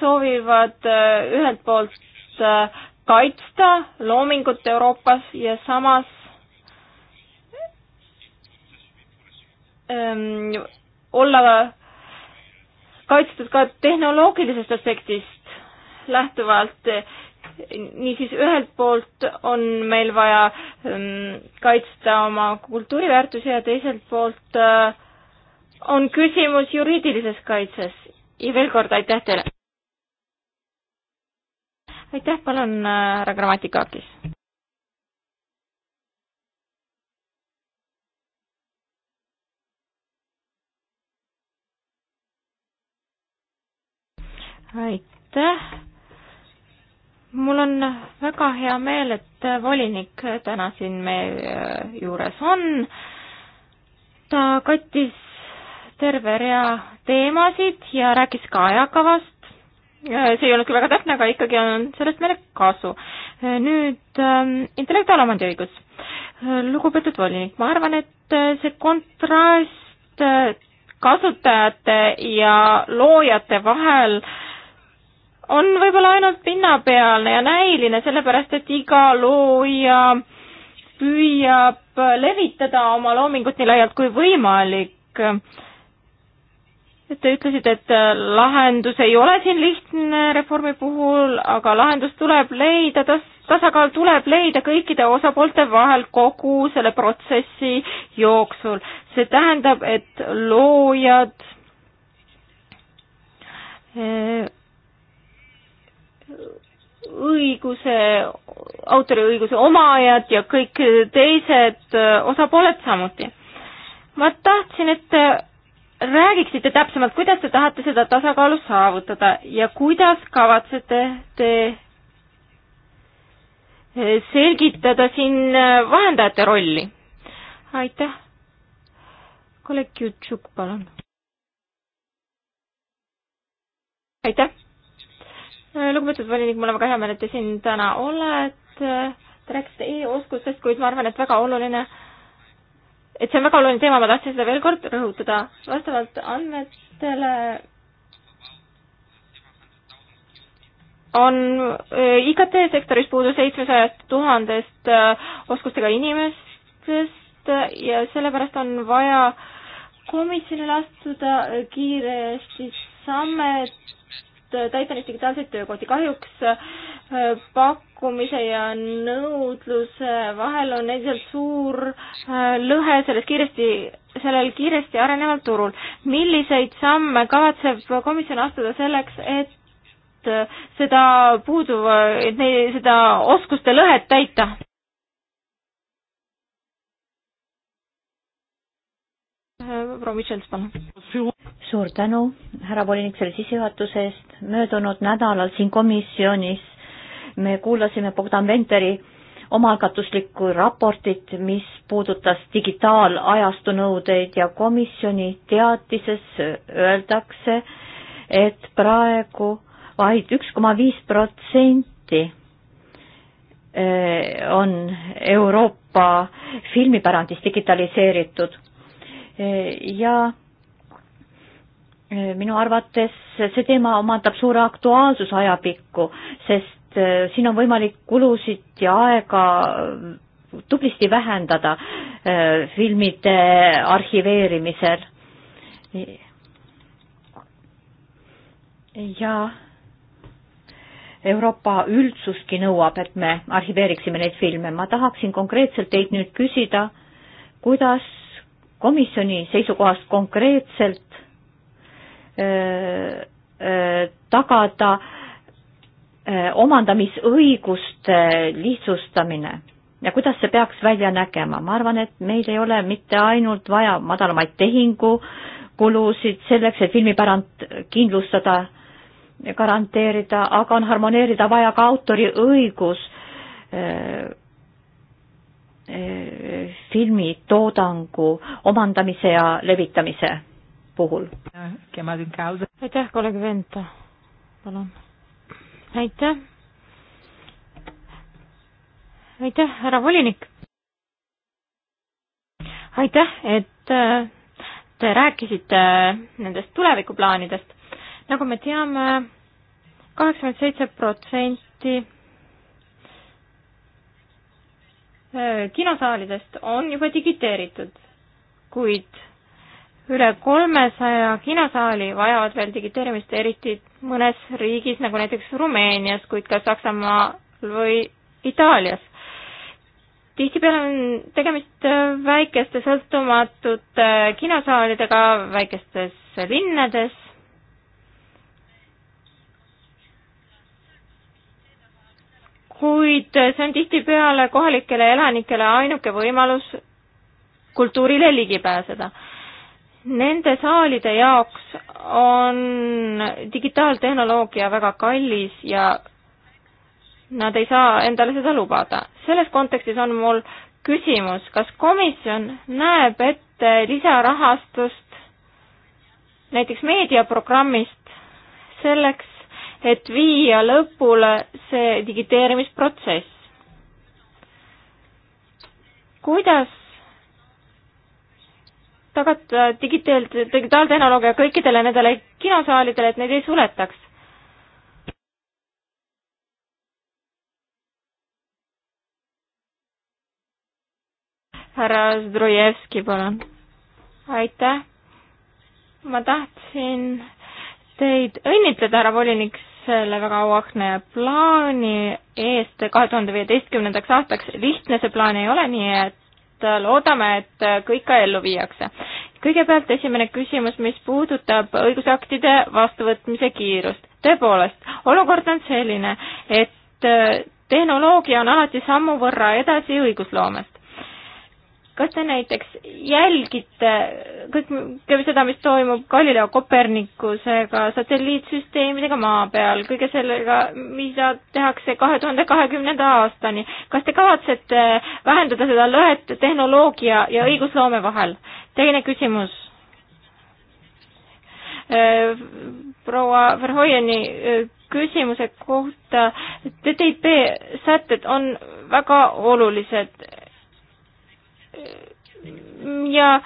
soovivad äh, ühelt poolt äh, kaitsta loomingut Euroopas ja samas öö, ähm, olla kaitstud ka tehnoloogilisest aspektist lähtuvalt. niisiis ühelt poolt on meil vaja ähm, kaitsta oma kultuuriväärtusi ja teiselt poolt äh, on küsimus juriidilises kaitses ja veel kord aitäh teile! aitäh, palun äh, härra Grammatikakis! aitäh! mul on väga hea meel, et volinik täna siin meie äh, juures on. ta kattis terve rea teemasid ja rääkis ka ajakavast. Äh, see ei olnud küll väga täpne, aga ikkagi on sellest meile kasu. Äh, nüüd ähm, intellektuaalomandi õigus. Äh, lugupeetud volinik, ma arvan, et see kontrast kasutajate ja loojate vahel on võib-olla ainult pinnapealne ja näiline, sellepärast et iga looja püüab levitada oma loomingut nii laialt kui võimalik. Te ütlesite, et äh, lahendus ei ole siin lihtne reformi puhul, aga lahendus tuleb leida, tasakaal tuleb leida kõikide osapoolte vahel kogu selle protsessi jooksul. see tähendab, et loojad äh, õiguse, autoriõiguse omajad ja kõik teised äh, osapooled samuti. ma tahtsin, et räägiksite täpsemalt, kuidas te tahate seda tasakaalu saavutada ja kuidas kavatsete te eh, selgitada siin eh, vahendajate rolli? aitäh. kolleeg Jutšuk, palun. aitäh. Eh, lugupeetud volinik, mul on väga hea meel, et te siin täna olete. Te rääkisite e-oskustest, kuid ma arvan, et väga oluline äh, et see on väga oluline teema, ma tahtsin seda veel kord rõhutada. vastavalt andmetele on äh, IKT-sektoris puudu seitsmesajast tuhandest äh, oskustega inimestest äh, ja sellepärast on vaja komisjonil astuda kiiresti samme, et täita neid digitaalseid töökohti. kahjuks pakkumise ja nõudluse vahel on endiselt suur äh, lõhe selles kiiresti, sellel kiiresti areneval turul. milliseid samme kavatseb komisjon astuda selleks, et äh, seda puuduv, et neid, seda oskuste lõhet täita? proua Michels, palun. suur tänu, härra volinik, selle sissejuhatuse eest. möödunud nädalal siin komisjonis me kuulasime Bogdan Venteri omaalgatuslikku raportit, mis puudutas digitaalajastu nõudeid ja komisjoni teatises öeldakse, et praegu vaid üks koma viis protsenti eh, on Euroopa filmipärandis digitaliseeritud eh, ja eh, minu arvates see teema omandab suure aktuaalsuse ajapikku, sest Äh, siin on võimalik kulusid ja aega äh, tublisti vähendada äh, filmide arhiveerimisel. ja Euroopa üldsuski nõuab, et me arhiveeriksime neid filme. ma tahaksin konkreetselt teilt nüüd küsida, kuidas komisjoni seisukohast konkreetselt öö, öö, tagada öö, omandamisõiguste lihtsustamine ja kuidas see peaks välja nägema, ma arvan, et meil ei ole mitte ainult vaja madalamaid tehingukulusid selleks, et filmipärand kindlustada, garanteerida, aga on harmoneerida vaja ka autoriõigus filmitoodangu omandamise ja levitamise puhul. aitäh, kolleeg Venta, palun aitäh. aitäh, härra volinik. aitäh, et äh, te rääkisite äh, nendest tulevikuplaanidest. nagu me teame, kaheksakümmend seitse protsenti äh, kinosaalidest on juba digiteeritud, kuid üle kolmesaja kinosaali vajavad veel digiteerimist, eriti mõnes riigis, nagu näiteks Rumeenias, kuid ka Saksamaal või Itaalias. tihtipeale on tegemist äh, väikeste sõltumatute äh, kinosaalidega väikestes linnades, kuid äh, see on tihtipeale kohalikele elanikele ainuke võimalus kultuurile ligi pääseda Nende saalide jaoks on digitaaltehnoloogia väga kallis ja nad ei saa endale seda lubada. selles kontekstis on mul küsimus, kas komisjon näeb ette lisarahastust näiteks meediaprogrammist selleks, et viia lõpule see digiteerimisprotsess? kuidas tagada äh, digiteelt, digitaaltehnoloogia kõikidele nendele kinosaalidele, et neid ei suletaks. härra Zdrojevski, palun. aitäh. ma tahtsin teid õnnitleda, härra volinik, selle väga auahne plaani eest kahe tuhande viieteistkümnendaks aastaks. lihtne see plaan ei ole, nii et Äh, loodame, et äh, kõik ka ellu viiakse. kõigepealt esimene küsimus, mis puudutab õigusaktide vastuvõtmise kiirust. tõepoolest, olukord on selline, et äh, tehnoloogia on alati sammu võrra edasi õigusloomest kas te näiteks jälgite kõike seda, mis toimub Galileo Kopernikusega, satelliitsüsteemidega Maa peal, kõige sellega, mida tehakse kahe tuhande kahekümnenda aastani. kas te kavatsete vähendada seda lõhet tehnoloogia ja õigusloome vahel? teine küsimus. Äh, proua Verhoieni äh, küsimuse kohta, TTIP sätted on väga olulised ja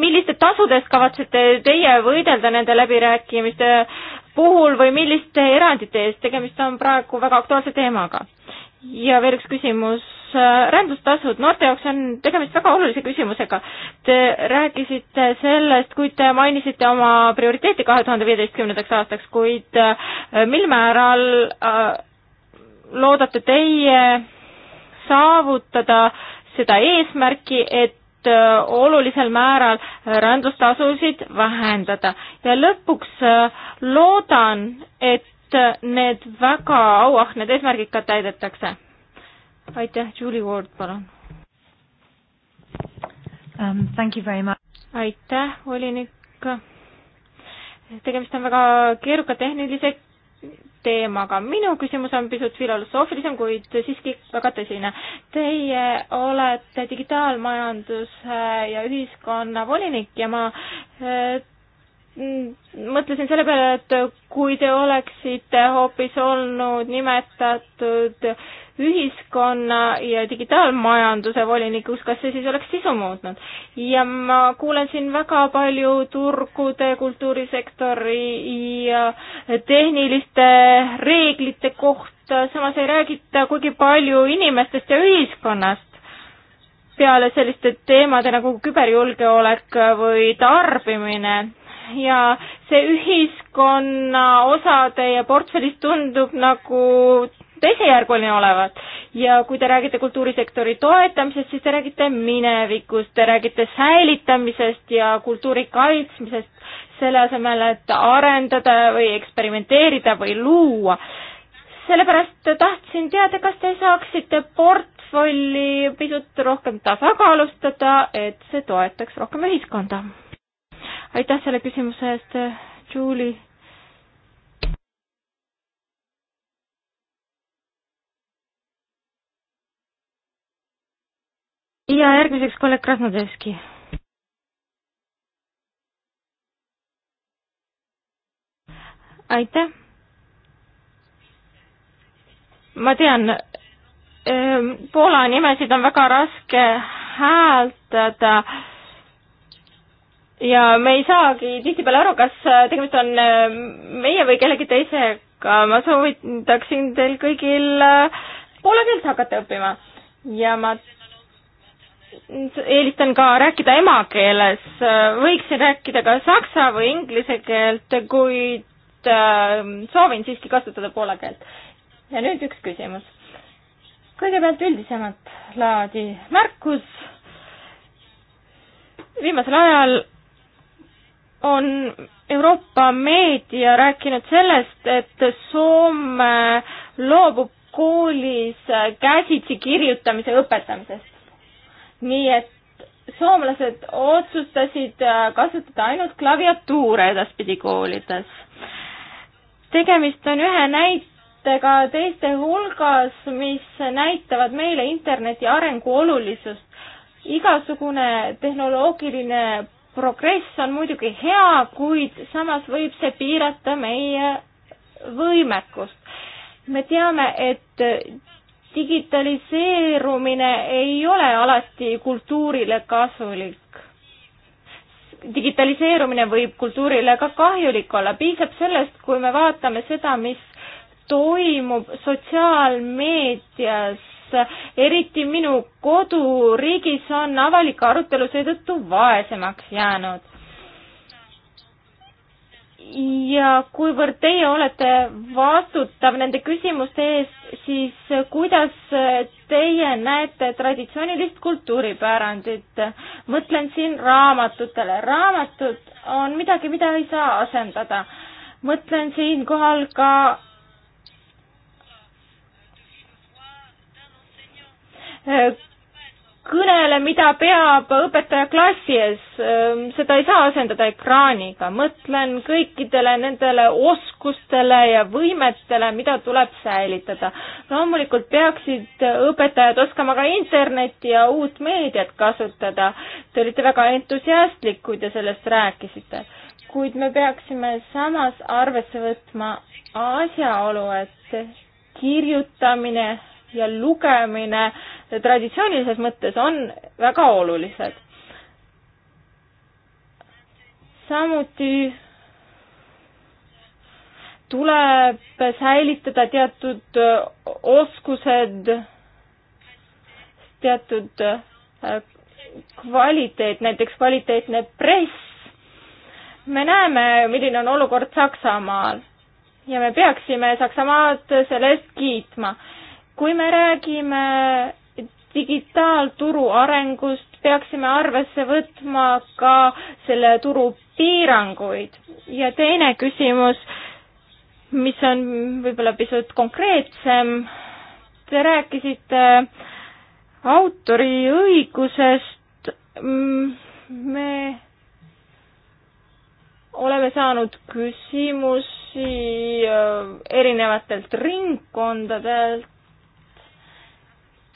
milliste tasudest kavatsete teie võidelda nende läbirääkimiste puhul või milliste erandite eest, tegemist on praegu väga aktuaalse teemaga. ja veel üks küsimus, rändustasud, noorte jaoks on tegemist väga olulise küsimusega. Te rääkisite sellest, kuid te mainisite oma prioriteeti kahe tuhande viieteistkümnendaks aastaks, kuid äh, mil määral äh, loodate teie saavutada seda eesmärki, et äh, olulisel määral rändlustasusid vähendada. ja lõpuks äh, loodan, et äh, need väga auahned eesmärgid ka täidetakse. aitäh, Julie Ward, palun um,. Thank you very much. aitäh, volinik. tegemist on väga keeruka tehnilise teemaga. minu küsimus on pisut filosoofilisem, kuid siiski väga tõsine. Teie olete digitaalmajanduse ja ühiskonna volinik ja ma eh, mõtlesin selle peale, et kui te oleksite hoopis olnud nimetatud ühiskonna ja digitaalmajanduse volinikuks, kas see siis oleks sisu muutnud? ja ma kuulen siin väga palju turgude, kultuurisektori ja tehniliste reeglite kohta, samas ei räägita kuigi palju inimestest ja ühiskonnast peale selliste teemade nagu küberjulgeolek või tarbimine ja see ühiskonna osade ja portfellist tundub nagu teisejärguline olevat. ja kui te räägite kultuurisektori toetamisest, siis te räägite minevikust, te räägite säilitamisest ja kultuuri kaitsmisest, selle asemel, et arendada või eksperimenteerida või luua. sellepärast tahtsin teada, kas te saaksite portfelli pisut rohkem tasakaalustada, et see toetaks rohkem ühiskonda aitäh selle küsimuse eest, Julie. ja järgmiseks kolleeg Krasnodevski. aitäh. ma tean, Poola nimesid on väga raske hääldada ja me ei saagi tihtipeale aru, kas äh, tegemist on äh, meie või kellegi teisega. ma soovitaksin teil kõigil äh, poola keelt hakata õppima ja ma eelistan ka rääkida emakeeles. võiksin rääkida ka saksa või inglise keelt, kuid soovin siiski kasutada poola keelt. ja nüüd üks küsimus. kõigepealt üldisemat laadi märkus. viimasel ajal on Euroopa meedia rääkinud sellest, et Soome loobub koolis käsitsi kirjutamise õpetamisest. nii et soomlased otsustasid äh, kasutada ainult klaviatuure edaspidi koolides. tegemist on ühe näitega teiste hulgas, mis näitavad meile interneti arengu olulisust. igasugune tehnoloogiline progress on muidugi hea, kuid samas võib see piirata meie võimekust. me teame, et digitaliseerumine ei ole alati kultuurile kasulik. digitaliseerumine võib kultuurile ka kahjulik olla, piisab sellest, kui me vaatame seda, mis toimub sotsiaalmeedias eriti minu koduriigis on avalik arutelu seetõttu vaesemaks jäänud. ja kuivõrd teie olete vastutav nende küsimuste eest, siis kuidas teie näete traditsioonilist kultuuripärandit? mõtlen siin raamatutele. raamatud on midagi, mida ei saa asendada mõtlen siinkohal ka kõnele, mida peab õpetaja klassi ees, seda ei saa asendada ekraaniga. mõtlen kõikidele nendele oskustele ja võimetele, mida tuleb säilitada. loomulikult peaksid õpetajad oskama ka internetti ja uut meediat kasutada. Te olite väga entusiastlik, kui te sellest rääkisite. kuid me peaksime samas arvesse võtma asjaolu, et kirjutamine ja lugemine äh, traditsioonilises mõttes on väga olulised. samuti tuleb säilitada teatud oskused, teatud äh, kvaliteet, näiteks kvaliteetne press. me näeme, milline on olukord Saksamaal ja me peaksime Saksamaad selle eest kiitma. kui me räägime digitaalturu arengust peaksime arvesse võtma ka selle turu piiranguid. ja teine küsimus, mis on võib-olla pisut konkreetsem, te rääkisite autoriõigusest, me oleme saanud küsimusi äh, erinevatelt ringkondadelt,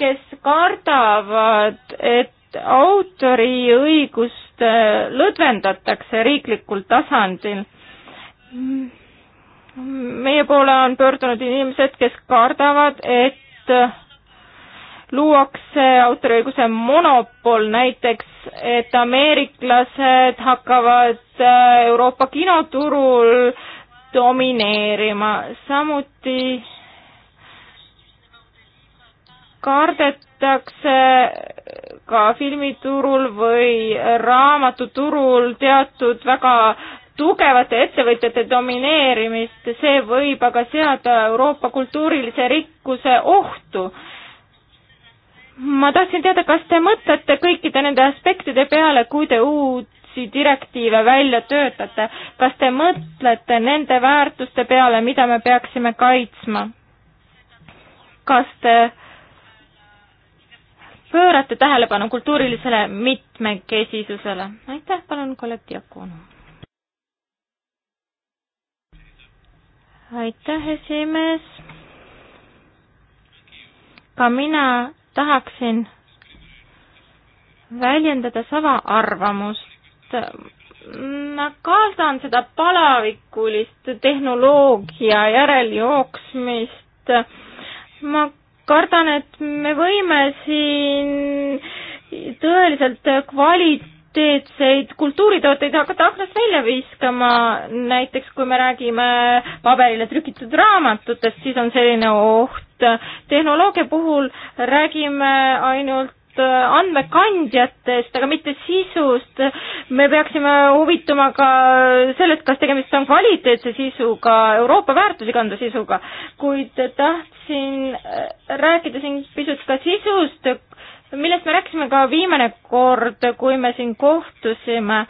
kes kardavad, et autoriõigust lõdvendatakse riiklikul tasandil. meie poole on pöördunud inimesed, kes kardavad, et luuakse autoriõiguse monopol, näiteks et ameeriklased hakkavad äh, Euroopa kinoturul domineerima, samuti kardetakse ka filmiturul või raamatuturul teatud väga tugevate ettevõtjate domineerimist, see võib aga seada Euroopa kultuurilise rikkuse ohtu. ma tahtsin teada, kas te mõtlete kõikide nende aspektide peale, kui te uusi direktiive välja töötate, kas te mõtlete nende väärtuste peale, mida me peaksime kaitsma? kas te äh, pöörate tähelepanu kultuurilisele mitmekesisusele. aitäh, palun, kolleeg Diakonu. aitäh, esimees. ka mina tahaksin väljendada sama arvamust. ma kardan seda palavikulist tehnoloogia järeljooksmist. ma kardan, et me võime siin tõeliselt kvaliteetseid kultuuritooteid hakata aknast välja viskama, näiteks kui me räägime paberile trükitud raamatutest, siis on selline oht. tehnoloogia puhul räägime ainult Äh, andmekandjatest, aga mitte sisust. me peaksime huvituma ka sellest, kas tegemist on kvaliteetse sisuga, Euroopa väärtusi kandva sisuga, kuid tahtsin äh, rääkida siin pisut ka sisust, millest me rääkisime ka viimane kord, kui me siin kohtusime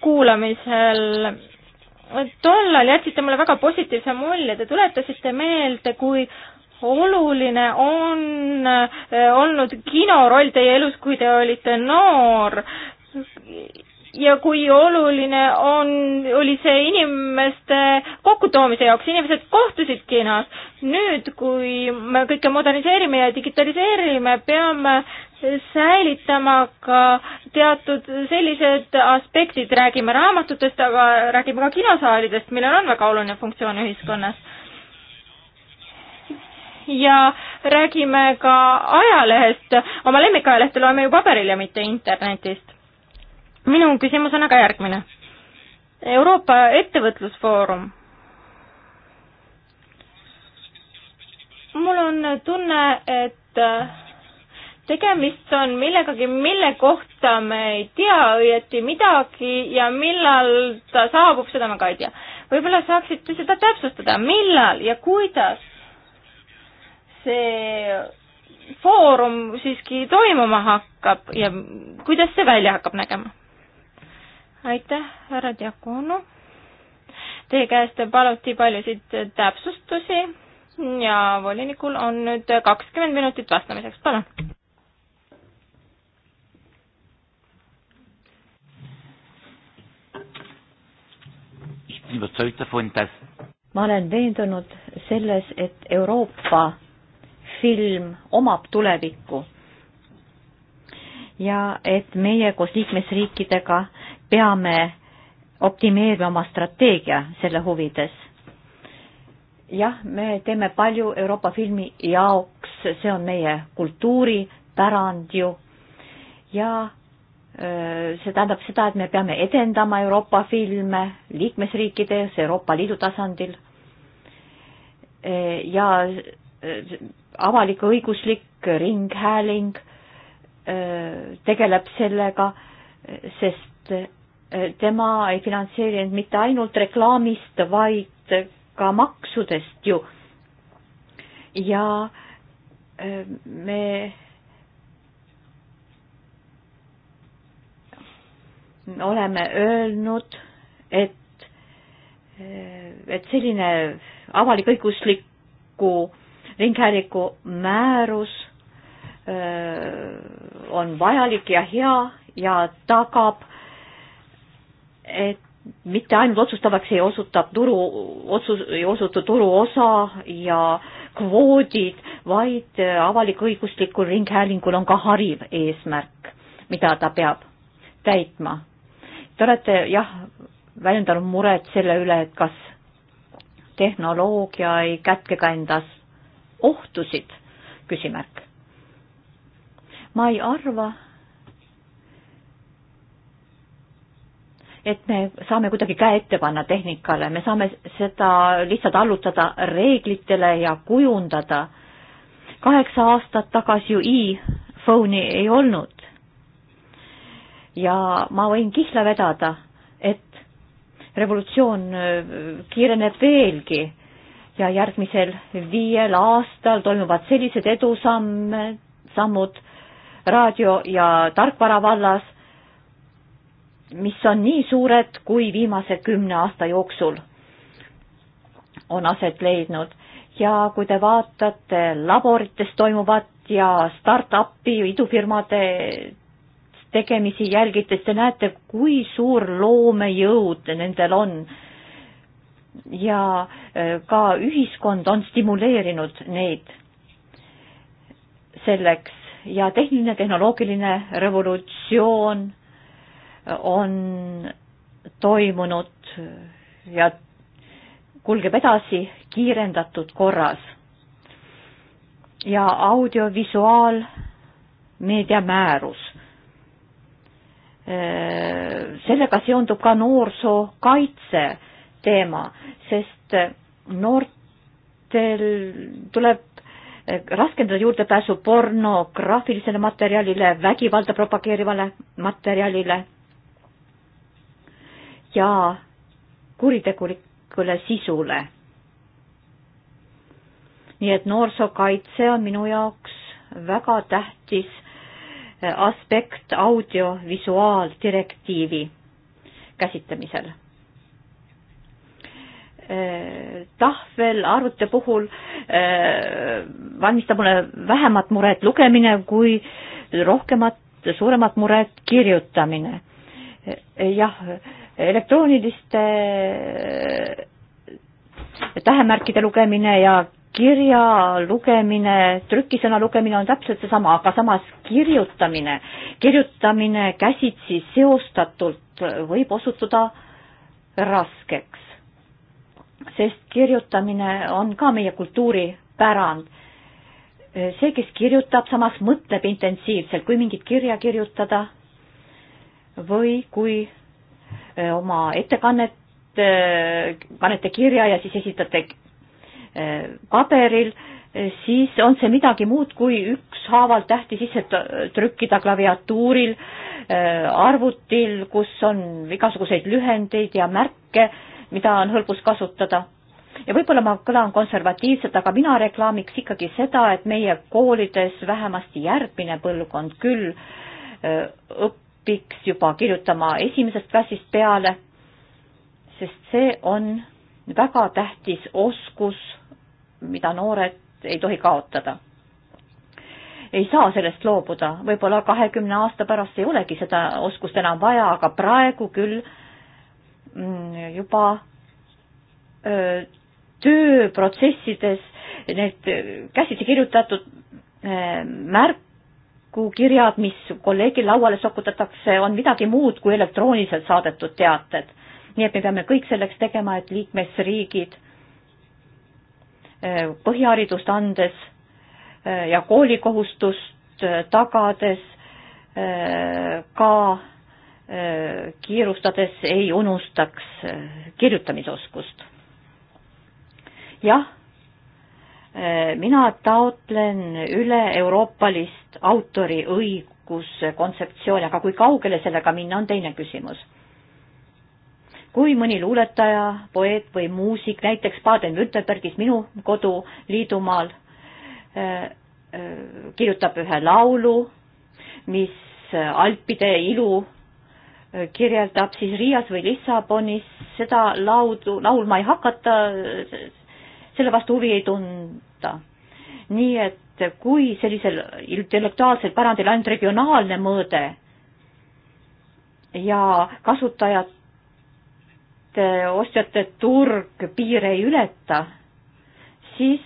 kuulamisel tollal jätsite mulle väga positiivse mulje, te tuletasite meelde, kui oluline on eh, olnud kino roll teie elus, kui te olite noor? ja kui oluline on, oli see inimeste kokkutoomise jaoks, inimesed kohtusid kinos. nüüd, kui me kõike moderniseerime ja digitaliseerime, peame säilitama ka teatud sellised aspektid, räägime raamatutest, aga räägime ka kinosaalidest, millel on väga oluline funktsioon ühiskonnas ja räägime ka ajalehest. oma lemmikajalehte loeme ju paberil ja mitte internetist. minu küsimus on aga järgmine. Euroopa Ettevõtlusfoorum. mul on tunne, et tegemist on millegagi, mille kohta me ei tea õieti midagi ja millal ta saabub, seda me ka ei tea. võib-olla saaksite seda täpsustada, millal ja kuidas see foorum siiski toimuma hakkab ja kuidas see välja hakkab nägema? aitäh, härra Diakonu. Teie käest paluti paljusid täpsustusi ja volinikul on nüüd kakskümmend minutit vastamiseks, palun. ma olen veendunud selles, et Euroopa film omab tulevikku. ja et meie koos liikmesriikidega peame optimeerima oma strateegia selle huvides. jah, me teeme palju Euroopa filmi jaoks, see on meie kultuuripärand ju ja see tähendab seda, et me peame edendama Euroopa filme liikmesriikides, Euroopa Liidu tasandil. ja avalik-õiguslik ringhääling äh, tegeleb sellega, sest äh, tema ei finantseeri end mitte ainult reklaamist, vaid ka maksudest ju. ja äh, me oleme öelnud, et, et selline avalik-õiguslikku ringhäälingu määrus on vajalik ja hea ja tagab, et mitte ainult otsustavaks ei osuta turu, otsus, ei osutu turuosa ja kvoodid, vaid avalik-õiguslikul ringhäälingul on ka hariv eesmärk, mida ta peab täitma. Te olete jah, väljendanud muret selle üle, et kas tehnoloogia ei kätke ka endas ohtusid, küsimärk. ma ei arva, et me saame kuidagi käe ette panna tehnikale, me saame seda lihtsalt allutada reeglitele ja kujundada. kaheksa aastat tagasi ju e-phone'i ei olnud. ja ma võin kihla vedada, et revolutsioon äh, kiireneb veelgi ja järgmisel viiel aastal toimuvad sellised edusamme, sammud raadio ja tarkvara vallas, mis on nii suured kui viimase kümne aasta jooksul on aset leidnud. ja kui te vaatate laborites toimuvat ja startup'i idufirmade tegemisi jälgides, te näete, kui suur loomejõud nendel on ja äh, ka ühiskond on stimuleerinud neid selleks ja tehniline, tehnoloogiline revolutsioon äh, on toimunud ja kulgeb edasi kiirendatud korras. ja audiovisuaalmeedia määrus. Äh, sellega seondub ka noorsookaitse teema, sest noortel tuleb raskendada juurdepääsu pornograafilisele materjalile, vägivalda propageerivale materjalile ja kuritegulikule sisule. nii et noorsookaitse on minu jaoks väga tähtis aspekt audiovisuaaldirektiivi käsitlemisel Äh, tahvel arvuti puhul äh, valmistab mulle vähemat muret lugemine kui rohkemat, suuremat muret kirjutamine. Äh, jah, elektrooniliste tähemärkide lugemine ja kirja lugemine, trükisõna lugemine on täpselt seesama, aga samas kirjutamine, kirjutamine käsitsi seostatult võib osutuda raskeks sest kirjutamine on ka meie kultuuripärand. see, kes kirjutab, samas mõtleb intensiivselt, kui mingit kirja kirjutada või kui eh, oma ettekannet panete eh, kirja ja siis esitate eh, paberil, siis on see midagi muud kui ükshaaval tähti sisse trükkida klaviatuuril, arvutil, kus on igasuguseid lühendeid ja märke mida on hõlbus kasutada. ja võib-olla ma kõlan konservatiivselt, aga mina reklaamiks ikkagi seda, et meie koolides vähemasti järgmine põlvkond küll õpiks juba kirjutama esimesest klassist peale, sest see on väga tähtis oskus, mida noored ei tohi kaotada. ei saa sellest loobuda, võib-olla kahekümne aasta pärast ei olegi seda oskust enam vaja, aga praegu küll äh, Mm, juba tööprotsessides need käsitsi kirjutatud märkukirjad, mis kolleegil lauale sokutatakse, on midagi muud kui elektrooniliselt saadetud teated. nii et me peame kõik selleks tegema, et liikmesriigid põhiharidust andes ja koolikohustust tagades ka kiirustades ei unustaks äh, kirjutamisoskust. jah, äh, mina taotlen üle-euroopalist autoriõiguse kontseptsiooni, aga kui kaugele sellega minna, on teine küsimus. kui mõni luuletaja, poeet või muusik näiteks Baden-Württembergis, minu koduliidumaal, äh, kirjutab ühe laulu, mis Alpide ilu kirjeldab, siis Riias või Lissabonis seda laudu laulma ei hakata, selle vastu huvi ei tunta. nii et kui sellisel intellektuaalsel pärandil ainult regionaalne mõõde ja kasutajate, ostjate turg piire ei ületa, siis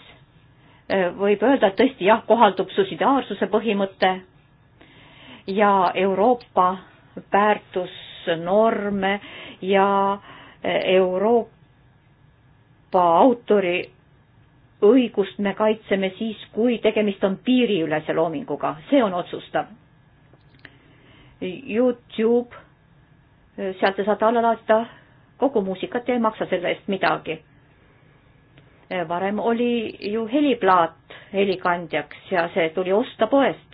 e, võib öelda, et tõesti jah, kohaldub subsidiaarsuse põhimõte ja Euroopa väärtusnorme ja e, Euroopa autori õigust me kaitseme siis, kui tegemist on piiriülese loominguga, see on otsustav. Youtube, e, sealt te saate alla laadida kogu muusikat ja ei maksa selle eest midagi. E, varem oli ju heliplaat helikandjaks ja see tuli osta poest.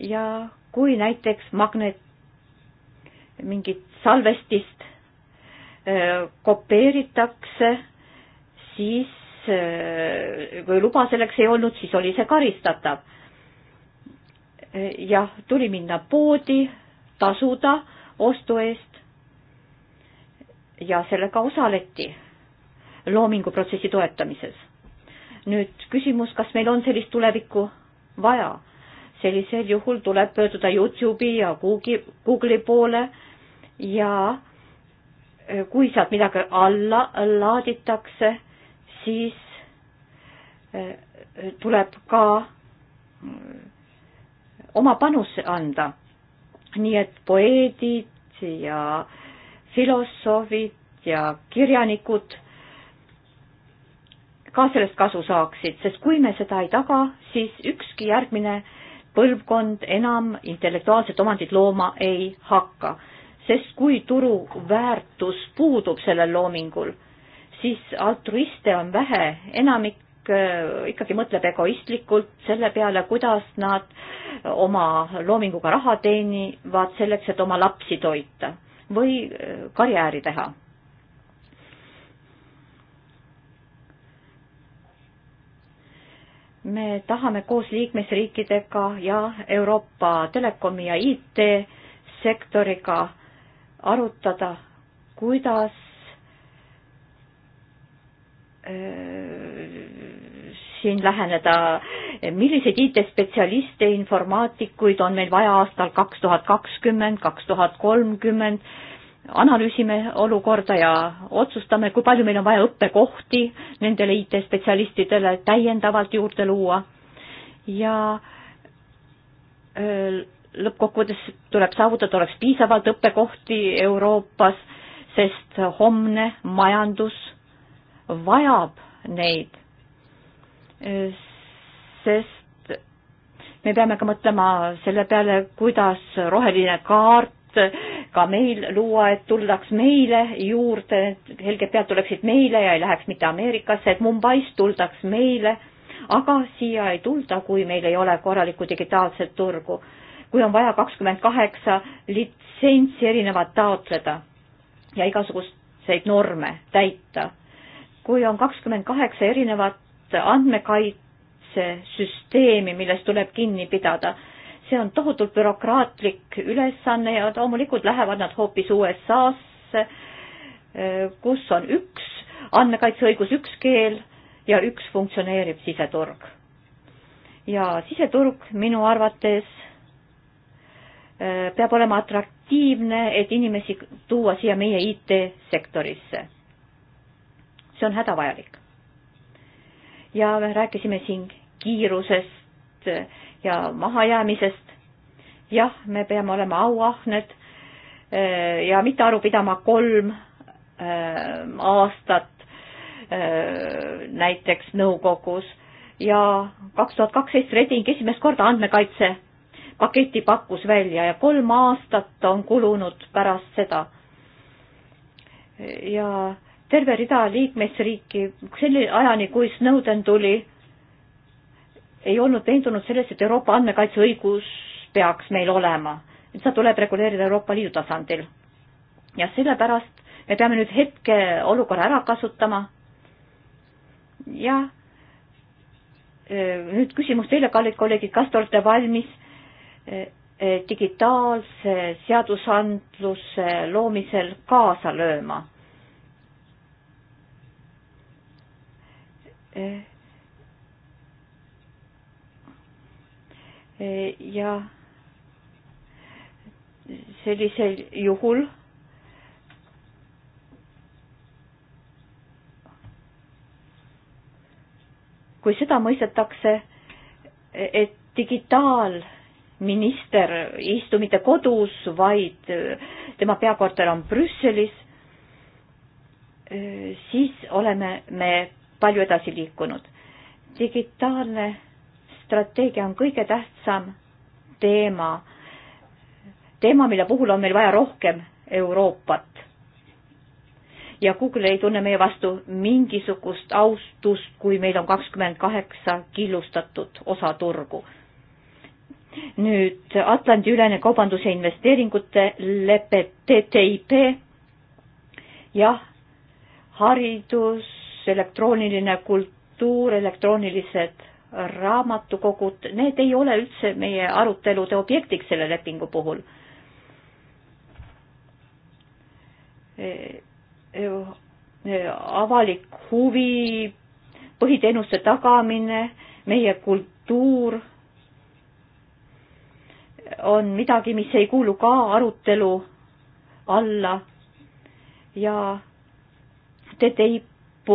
ja kui näiteks magnet mingit salvestist kopeeritakse, siis kui luba selleks ei olnud, siis oli see karistatav. jah, tuli minna poodi, tasuda ostu eest ja sellega osaleti loominguprotsessi toetamises. nüüd küsimus, kas meil on sellist tulevikku vaja? sellisel juhul tuleb pöörduda Youtube'i ja Google'i, Google'i poole ja äh, kui sealt midagi alla laaditakse, siis äh, tuleb ka äh, oma panus anda. nii et poeedid ja filosoofid ja kirjanikud ka sellest kasu saaksid, sest kui me seda ei taga, siis ükski järgmine äh, põlvkond enam intellektuaalset omandit looma ei hakka, sest kui turuväärtus puudub sellel loomingul, siis altruiste on vähe, enamik äh, ikkagi mõtleb egoistlikult selle peale, kuidas nad oma loominguga raha teenivad selleks, et oma lapsi toita või äh, karjääri teha me tahame koos liikmesriikidega ja Euroopa Telekomi ja IT-sektoriga arutada, kuidas siin läheneda, milliseid IT-spetsialiste, informaatikuid on meil vaja aastal kaks tuhat kakskümmend, kaks tuhat kolmkümmend analüüsime olukorda ja otsustame, kui palju meil on vaja õppekohti nendele IT-spetsialistidele täiendavalt juurde luua ja lõppkokkuvõttes tuleb saavutada, oleks piisavalt õppekohti Euroopas, sest homne majandus vajab neid. sest me peame ka mõtlema selle peale, kuidas roheline kaart ka meil luua, et tuldaks meile juurde, helged pead tuleksid meile ja ei läheks mitte Ameerikasse, et Mumbais tuldaks meile, aga siia ei tulda, kui meil ei ole korralikku digitaalset turgu. kui on vaja kakskümmend kaheksa litsentsi erinevat taotleda ja igasuguseid norme täita, kui on kakskümmend kaheksa erinevat andmekaitsesüsteemi, millest tuleb kinni pidada see on tohutult bürokraatlik ülesanne ja loomulikult lähevad nad hoopis USA-sse, kus on üks andmekaitseõigus, üks keel ja üks funktsioneerib siseturg. ja siseturg minu arvates äh, peab olema atraktiivne, et inimesi tuua siia meie IT-sektorisse. see on hädavajalik. ja me rääkisime siin kiirusest ja mahajäämisest. jah, me peame olema auahned eh, ja mitte aru pidama kolm eh, aastat eh, näiteks nõukogus ja kaks tuhat kaksteist Reding esimest korda andmekaitse paketi pakkus välja ja kolm aastat on kulunud pärast seda. ja terve rida liikmesriiki selle ajani, kui Snowden tuli ei olnud veendunud selles, et Euroopa andmekaitseõigus peaks meil olema. seda tuleb reguleerida Euroopa Liidu tasandil. ja sellepärast me peame nüüd hetkeolukorra ära kasutama ja e, nüüd küsimus teile, kallid kolleegid, kas te olete valmis e, e, digitaalse seadusandluse loomisel kaasa lööma? ja sellisel juhul kui seda mõistetakse, et digitaalminister ei istu mitte kodus, vaid tema peakorter on Brüsselis, siis oleme me palju edasi liikunud. digitaalne strateegia on kõige tähtsam teema, teema, mille puhul on meil vaja rohkem Euroopat. ja Google ei tunne meie vastu mingisugust austust, kui meil on kakskümmend kaheksa killustatud osa turgu. nüüd Atlandi-ülene kaubandus ja investeeringute lepe TTIP, jah, haridus, elektrooniline kultuur, elektroonilised raamatukogud, need ei ole üldse meie arutelude objektiks selle lepingu puhul. avalik huvi, põhiteenuste tagamine, meie kultuur on midagi, mis ei kuulu ka arutelu alla ja TTIP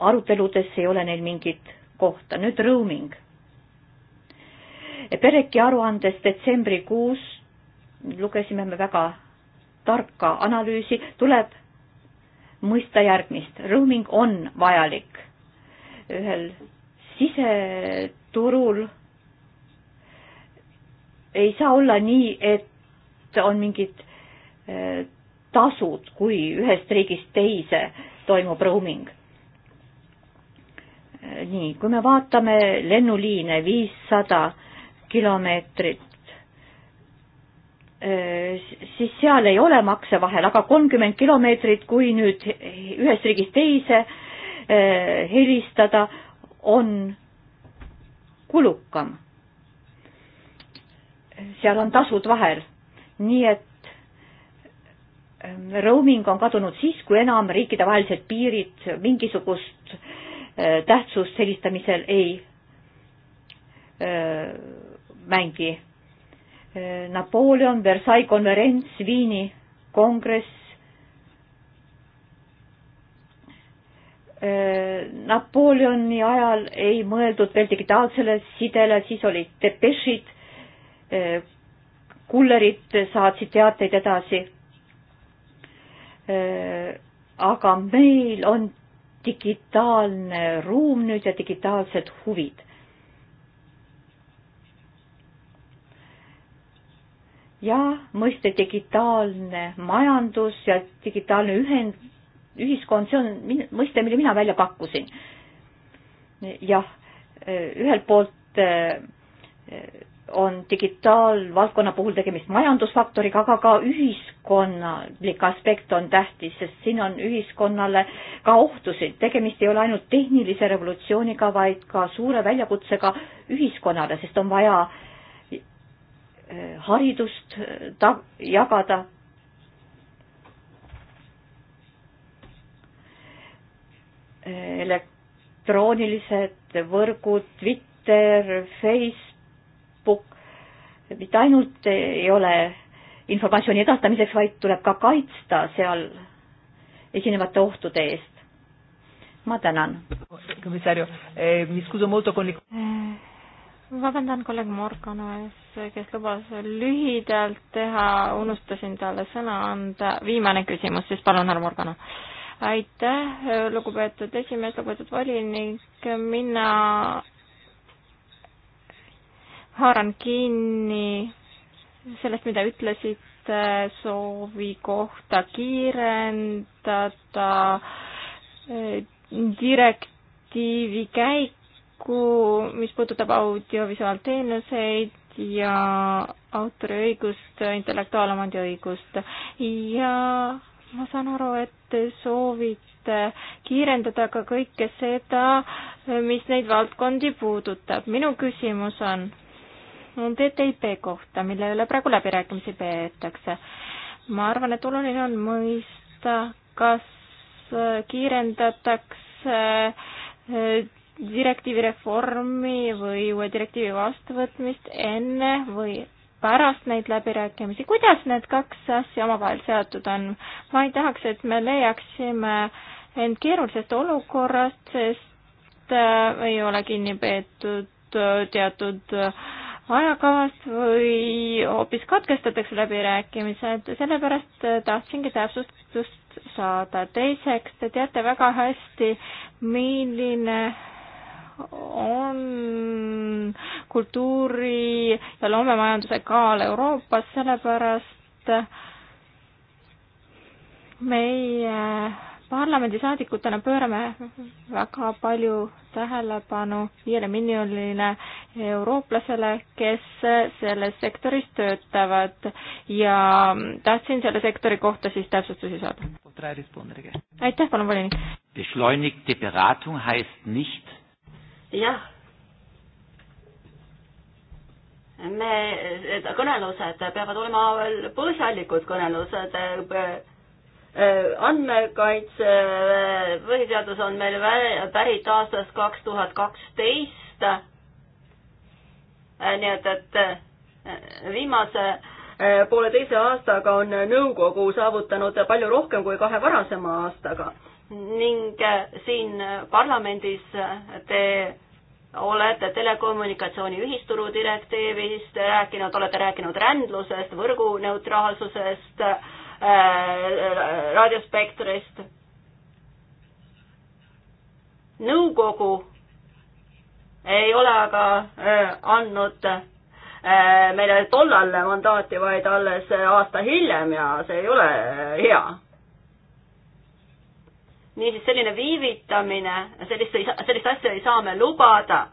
aruteludes ei ole neil mingit kohta, nüüd roaming. Pereki aruandes detsembrikuus lugesime me väga tarka analüüsi, tuleb mõista järgmist. Roaming on vajalik ühel siseturul. ei saa olla nii, et on mingid eh, tasud, kui ühest riigist teise toimub roaming nii, kui me vaatame lennuliine viissada kilomeetrit, siis seal ei ole makse vahel, aga kolmkümmend kilomeetrit, kui nüüd ühest riigist teise helistada, on kulukam. seal on tasud vahel, nii et roaming on kadunud siis, kui enam riikidevahelised piirid mingisugust äh, Äh, tähtsust helistamisel ei äh, mängi. Äh, Napoleon, Versailles konverents, Viini kongress. Napoleoni ajal ei mõeldud veel digitaalsele sidele, siis olid depešid, kullerid saatsid teateid edasi. aga meil on digitaalne ruum nüüd ja digitaalsed huvid. ja mõiste digitaalne majandus ja digitaalne ühend, ühiskond, see on mõiste, mille mina välja pakkusin. jah, ühelt poolt äh, on digitaalvaldkonna puhul tegemist majandusfaktoriga, aga ka ühiskonnalik aspekt on tähtis, sest siin on ühiskonnale ka ohtusid. tegemist ei ole ainult tehnilise revolutsiooniga, vaid ka suure väljakutsega ühiskonnale, sest on vaja eh, haridust eh, ta-, jagada. Eh, elektroonilised võrgud, Twitter, Facebook, pukk. mitte ainult ei ole informatsiooni edastamiseks, vaid tuleb ka kaitsta seal esinevate ohtude eest. ma tänan. Eh, eh, vabandan kolleeg Morgana ees, kes lubas lühidalt teha, unustasin talle sõna anda. viimane küsimus siis, palun, härra Morgana aitäh, lugupeetud esimees, lugupeetud volinik, mina haaran kinni sellest, mida ütlesite äh, soovi kohta kiirendada äh, direktiivi käiku, mis puudutab audiovisuaalteenuseid ja autoriõigust, intellektuaalomandi õigust ja ma saan aru, et soovite kiirendada ka kõike seda, mis neid valdkondi puudutab. minu küsimus on, TTIP kohta, mille üle praegu läbirääkimisi peetakse. ma arvan, et oluline on mõista, kas kiirendatakse eh, direktiivi reformi või uue direktiivi vastuvõtmist enne või pärast neid läbirääkimisi, kuidas need kaks asja omavahel seotud on? ma ei tahaks, et me leiaksime end keerulisest olukorrast, sest eh, ei ole kinni peetud eh, teatud äh, ajakavast või hoopis katkestatakse läbirääkimised, sellepärast äh, tahtsingi täpsustust saada. teiseks, te teate väga hästi, milline on kultuuri ja loomemajanduse kaal Euroopas, sellepärast äh, meie parlamendisaadikutena pöörame väga palju tähelepanu viiele miljonile eurooplasele, kes selles sektoris töötavad ja tahtsin selle sektori kohta siis täpsustusi saada. aitäh, palun volinik. Beschleunigte Beratung heißt nicht. jah. me, kõnelused peavad olema põhjalikud kõnelused Äh, andmekaitse äh, põhiseadus on meil pärit aastast kaks tuhat kaksteist. Äh, nii et, et viimase pooleteise aastaga on nõukogu saavutanud palju rohkem kui kahe varasema aastaga ning siin parlamendis te olete telekommunikatsiooni ühisturu direktiivist rääkinud, olete rääkinud rändlusest, võrguneutraalsusest äh,, Äh, raadiospektrist. nõukogu ei ole aga äh, andnud äh, meile tollal mandaati, vaid alles aasta hiljem ja see ei ole hea. niisiis selline viivitamine, sellist, sellist asja ei saa me lubada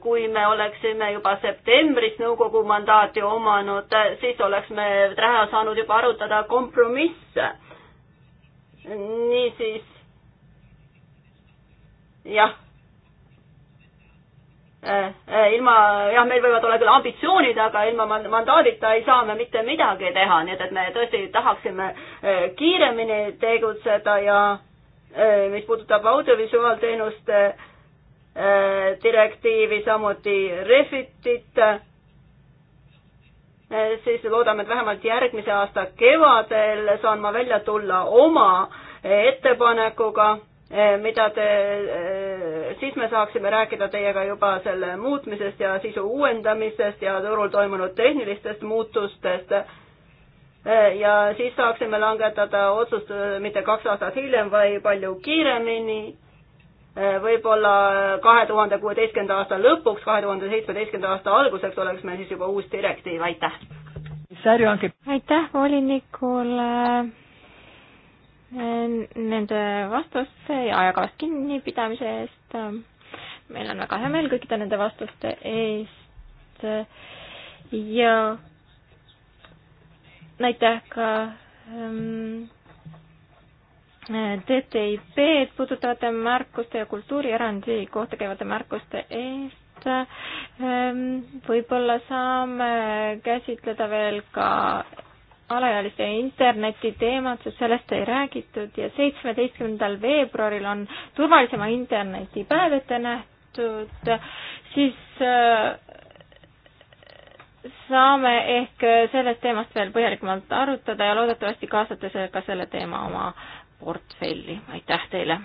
kui me oleksime juba septembris nõukogu mandaati omanud, siis oleks me täna saanud juba arutada kompromisse. niisiis, jah äh, ilma, jah, meil võivad olla küll ambitsioonid, aga ilma mandaadita ei saa me mitte midagi teha, nii et, et me tõesti tahaksime äh, kiiremini tegutseda ja äh, mis puudutab audiovisuaalteenuste Äh, direktiivi, samuti Refitit, äh, siis loodame, et vähemalt järgmise aasta kevadel saan ma välja tulla oma äh, ettepanekuga, mida te, siis me saaksime rääkida teiega juba selle muutmisest ja sisu uuendamisest ja turul toimunud tehnilistest muutustest ja siis saaksime langetada otsust mitte kaks aastat hiljem, vaid palju kiiremini Eh, võib-olla kahe tuhande kuueteistkümnenda aasta lõpuks, kahe tuhande seitsmeteistkümnenda aasta alguseks oleks meil siis juba uus direktiiv, aitäh! aitäh volinikule nende vastuste ja ajakavast kinnipidamise eest. meil on väga hea meel kõikide nende vastuste eest ja aitäh ka ähm, TTIP-d puudutavate märkuste ja kultuurierandi kohta käivate märkuste eest. Ehm, võib-olla saame käsitleda veel ka alaealiste interneti teemat, sest sellest ei räägitud ja seitsmeteistkümnendal veebruaril on turvalisema interneti päev ette nähtud, siis äh, saame ehk sellest teemast veel põhjalikumalt arutada ja loodetavasti kaasate ka selle teema oma äh, portfelli, aitäh teile!